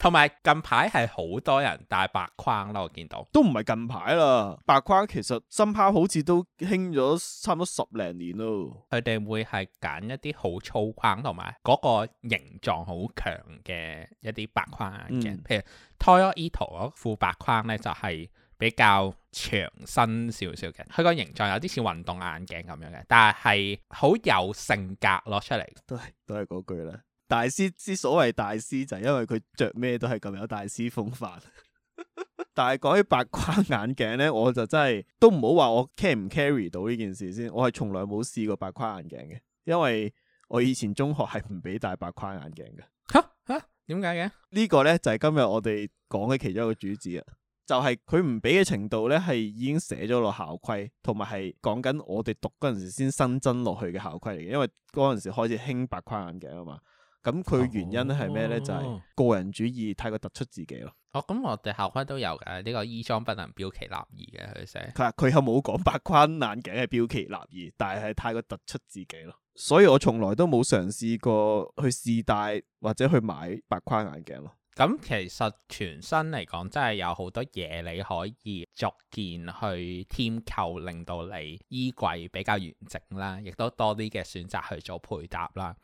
同埋近排係好多人戴白框啦，我見到都唔係近排啦。白框其實新派好似都興咗差唔多十零年咯。佢哋會係揀一啲好粗框同埋嗰個形狀好強嘅一啲白框眼鏡，譬、嗯、如 Toyota ETO 嗰副白框咧就係、是、比較長身少少嘅，佢個形狀有啲似運動眼鏡咁樣嘅，但係好有性格攞出嚟。都係都係嗰句啦。大師之所謂大師，就係因為佢着咩都係咁有大師風範 但係講起白框眼鏡呢，我就真係都唔好話我 carry 唔 carry 到呢件事先，我係從來冇試過白框眼鏡嘅，因為我以前中學係唔俾戴白框眼鏡嘅。吓吓，點解嘅？呢個呢，就係今日我哋講嘅其中一個主旨啊，就係佢唔俾嘅程度呢，係已經寫咗落校規，同埋係講緊我哋讀嗰陣時先新增落去嘅校規嚟嘅，因為嗰陣時開始興白框眼鏡啊嘛。咁佢原因係咩呢？就係、是、個人主義太過突出自己咯。哦，咁我哋校規都有嘅呢、這個衣裝不能標奇立異嘅佢寫，佢又冇講白框眼鏡係標奇立異，但係太過突出自己咯。所以我從來都冇嘗試過去試戴或者去買白框眼鏡咯。咁其實全身嚟講，真係有好多嘢你可以逐漸去添購，令到你衣櫃比較完整啦，亦都多啲嘅選擇去做配搭啦。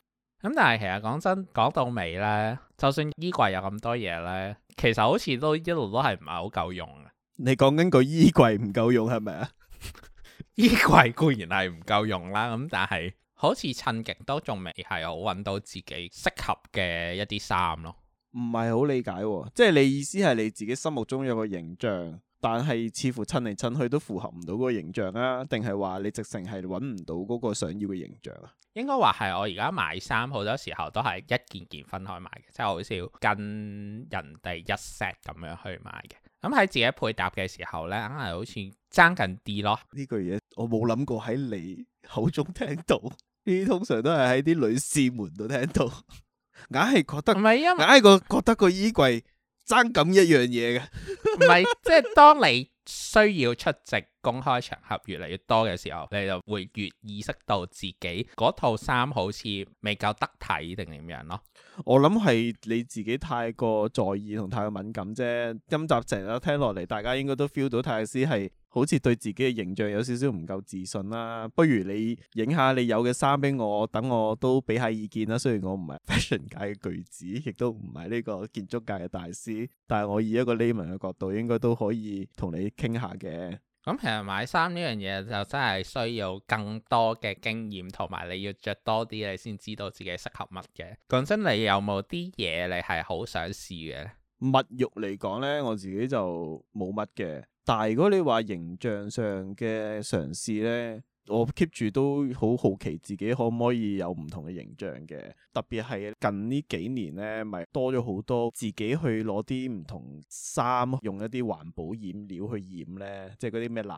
咁但係其實講真講到尾呢，就算衣櫃有咁多嘢呢，其實好似都一路都係唔係好夠用啊！你講緊個衣櫃唔夠用係咪啊？是是， 衣櫃固然係唔夠用啦，咁但係好似襯極都仲未係好搵到自己適合嘅一啲衫咯。唔係好理解，哦，即係你意思係你自己心目中有個形象。但係似乎襯嚟襯去都符合唔到嗰個形象啊？定係話你直情係揾唔到嗰個想要嘅形象啊？應該話係我而家買衫好多時候都係一件件分開買嘅，即係好少跟人哋一 set 咁樣去買嘅。咁喺自己配搭嘅時候呢，硬係好似爭緊啲咯。呢句嘢我冇諗過喺你口中聽到，呢通常都係喺啲女士們度聽到，硬係覺得唔係，硬係個覺得個衣櫃爭緊一樣嘢嘅。唔係，即係、就是、當你需要出席公開場合越嚟越多嘅時候，你就會越意識到自己嗰套衫好似未夠得體定點樣咯。我諗係你自己太過在意同太過敏感啫。今集成日聽落嚟大家應該都 feel 到泰斯係好似對自己嘅形象，有少少唔夠自信啦。不如你影下你有嘅衫俾我，等我都俾下意見啦。雖然我唔係 fashion 界嘅巨子，亦都唔係呢個建築界嘅大師，但係我以一個 layman 嘅角度，應該都可以同你傾下嘅。咁、嗯、其實買衫呢樣嘢就真係需要更多嘅經驗，同埋你要着多啲，你先知道自己適合乜嘅。講真，你有冇啲嘢你係好想試嘅咧？物欲嚟講咧，我自己就冇乜嘅。但係如果你話形象上嘅嘗試咧。我 keep 住都好好奇自己可唔可以有唔同嘅形象嘅，特別係近呢幾年咧，咪多咗好多自己去攞啲唔同衫，用一啲環保染料去染咧，即係啲咩藍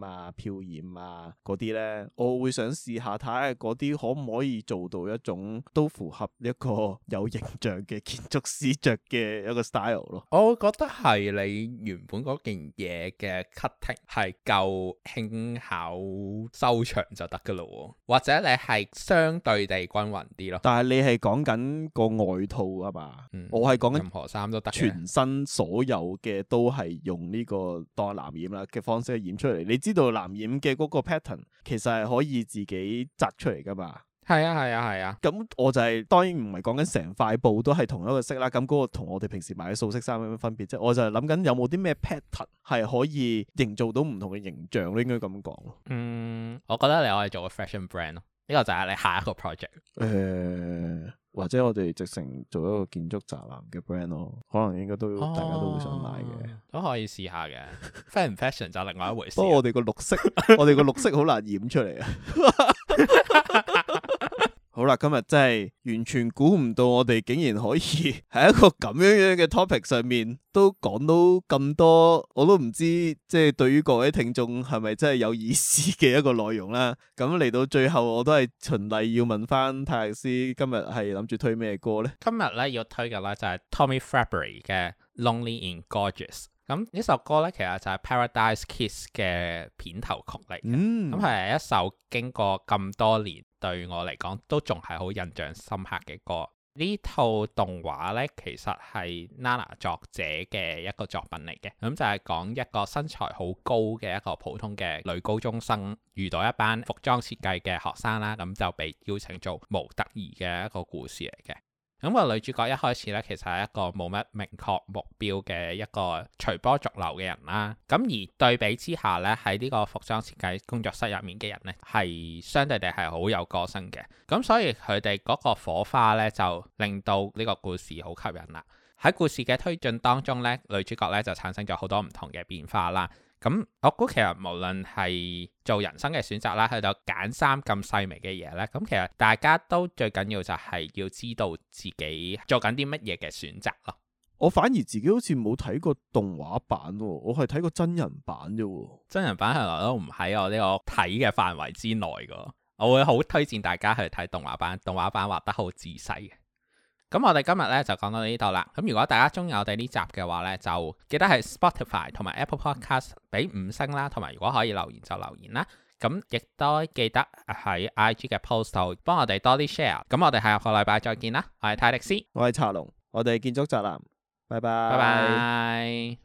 染啊、漂染啊啲咧，我會想試下睇下啲可唔可以做到一種都符合一個有形象嘅建築師着嘅一個 style 咯。我覺得係你原本嗰件嘢嘅 cutting 係夠輕巧。夠長就得噶啦，或者你係相對地均勻啲咯。但係你係講緊個外套啊嘛，嗯、我係講緊任何衫都，得。全身所有嘅都係用呢、這個當藍染啦嘅方式去染出嚟。你知道藍染嘅嗰個 pattern 其實係可以自己摘出嚟噶嘛？係啊，係啊，係啊。咁我就係、是、當然唔係講緊成塊布都係同一個色啦。咁嗰個同我哋平時買嘅素色衫有咩分別啫？我就係諗緊有冇啲咩 pattern 係可以營造到唔同嘅形象，都應該咁講。嗯，我覺得你可以做個 fashion brand 咯，呢個就係你下一個 project。誒、呃，或者我哋直成做一個建築宅男嘅 brand 咯，可能應該都、哦、大家都會想買嘅，都可以試下嘅。 fashion fashion 就另外一回事。不過我哋個綠色， 我哋個綠色好難染出嚟啊。 今日真係完全估唔到，我哋竟然可以喺一個咁樣樣嘅 topic 上面都講到咁多，我都唔知即係、就是、對於各位聽眾係咪真係有意思嘅一個內容啦。咁嚟到最後，我都係循例要問翻泰斯今日係諗住推咩歌呢？今日咧要推嘅咧就係 Tommy February 嘅《Lonely in Gorgeous》。咁呢首歌咧其實就係《Paradise Kiss》嘅片頭曲嚟，咁係一首經過咁多年。對我嚟講都仲係好印象深刻嘅歌。呢套動畫呢，其實係 Nana 作者嘅一個作品嚟嘅。咁就係講一個身材好高嘅一個普通嘅女高中生，遇到一班服裝設計嘅學生啦，咁就被邀請做模特兒嘅一個故事嚟嘅。咁個女主角一開始咧，其實係一個冇乜明確目標嘅一個隨波逐流嘅人啦。咁而對比之下咧，喺呢個服裝設計工作室入面嘅人咧，係相對地係好有個性嘅。咁所以佢哋嗰個火花咧，就令到呢個故事好吸引啦。喺故事嘅推進當中咧，女主角咧就產生咗好多唔同嘅變化啦。咁我估其實無論係做人生嘅選擇啦，去到揀衫咁細微嘅嘢咧，咁其實大家都最緊要就係要知道自己做緊啲乜嘢嘅選擇咯。我反而自己好似冇睇過動畫版。哦，我係睇過真人版啫。真人版係來都唔喺我呢個睇嘅範圍之內噶我會好推薦大家去睇動畫版，動畫版畫得好仔細。咁我哋今日咧就講到呢度啦。咁如果大家中意我哋呢集嘅話咧，就記得喺 Spotify 同埋 Apple Podcast 俾五星啦，同埋如果可以留言就留言啦。咁亦都記得喺 IG 嘅 post 度幫我哋多啲 share。咁我哋下個禮拜再見啦。我係泰迪斯，我係茶龍，我哋建築宅男，拜拜。Bye bye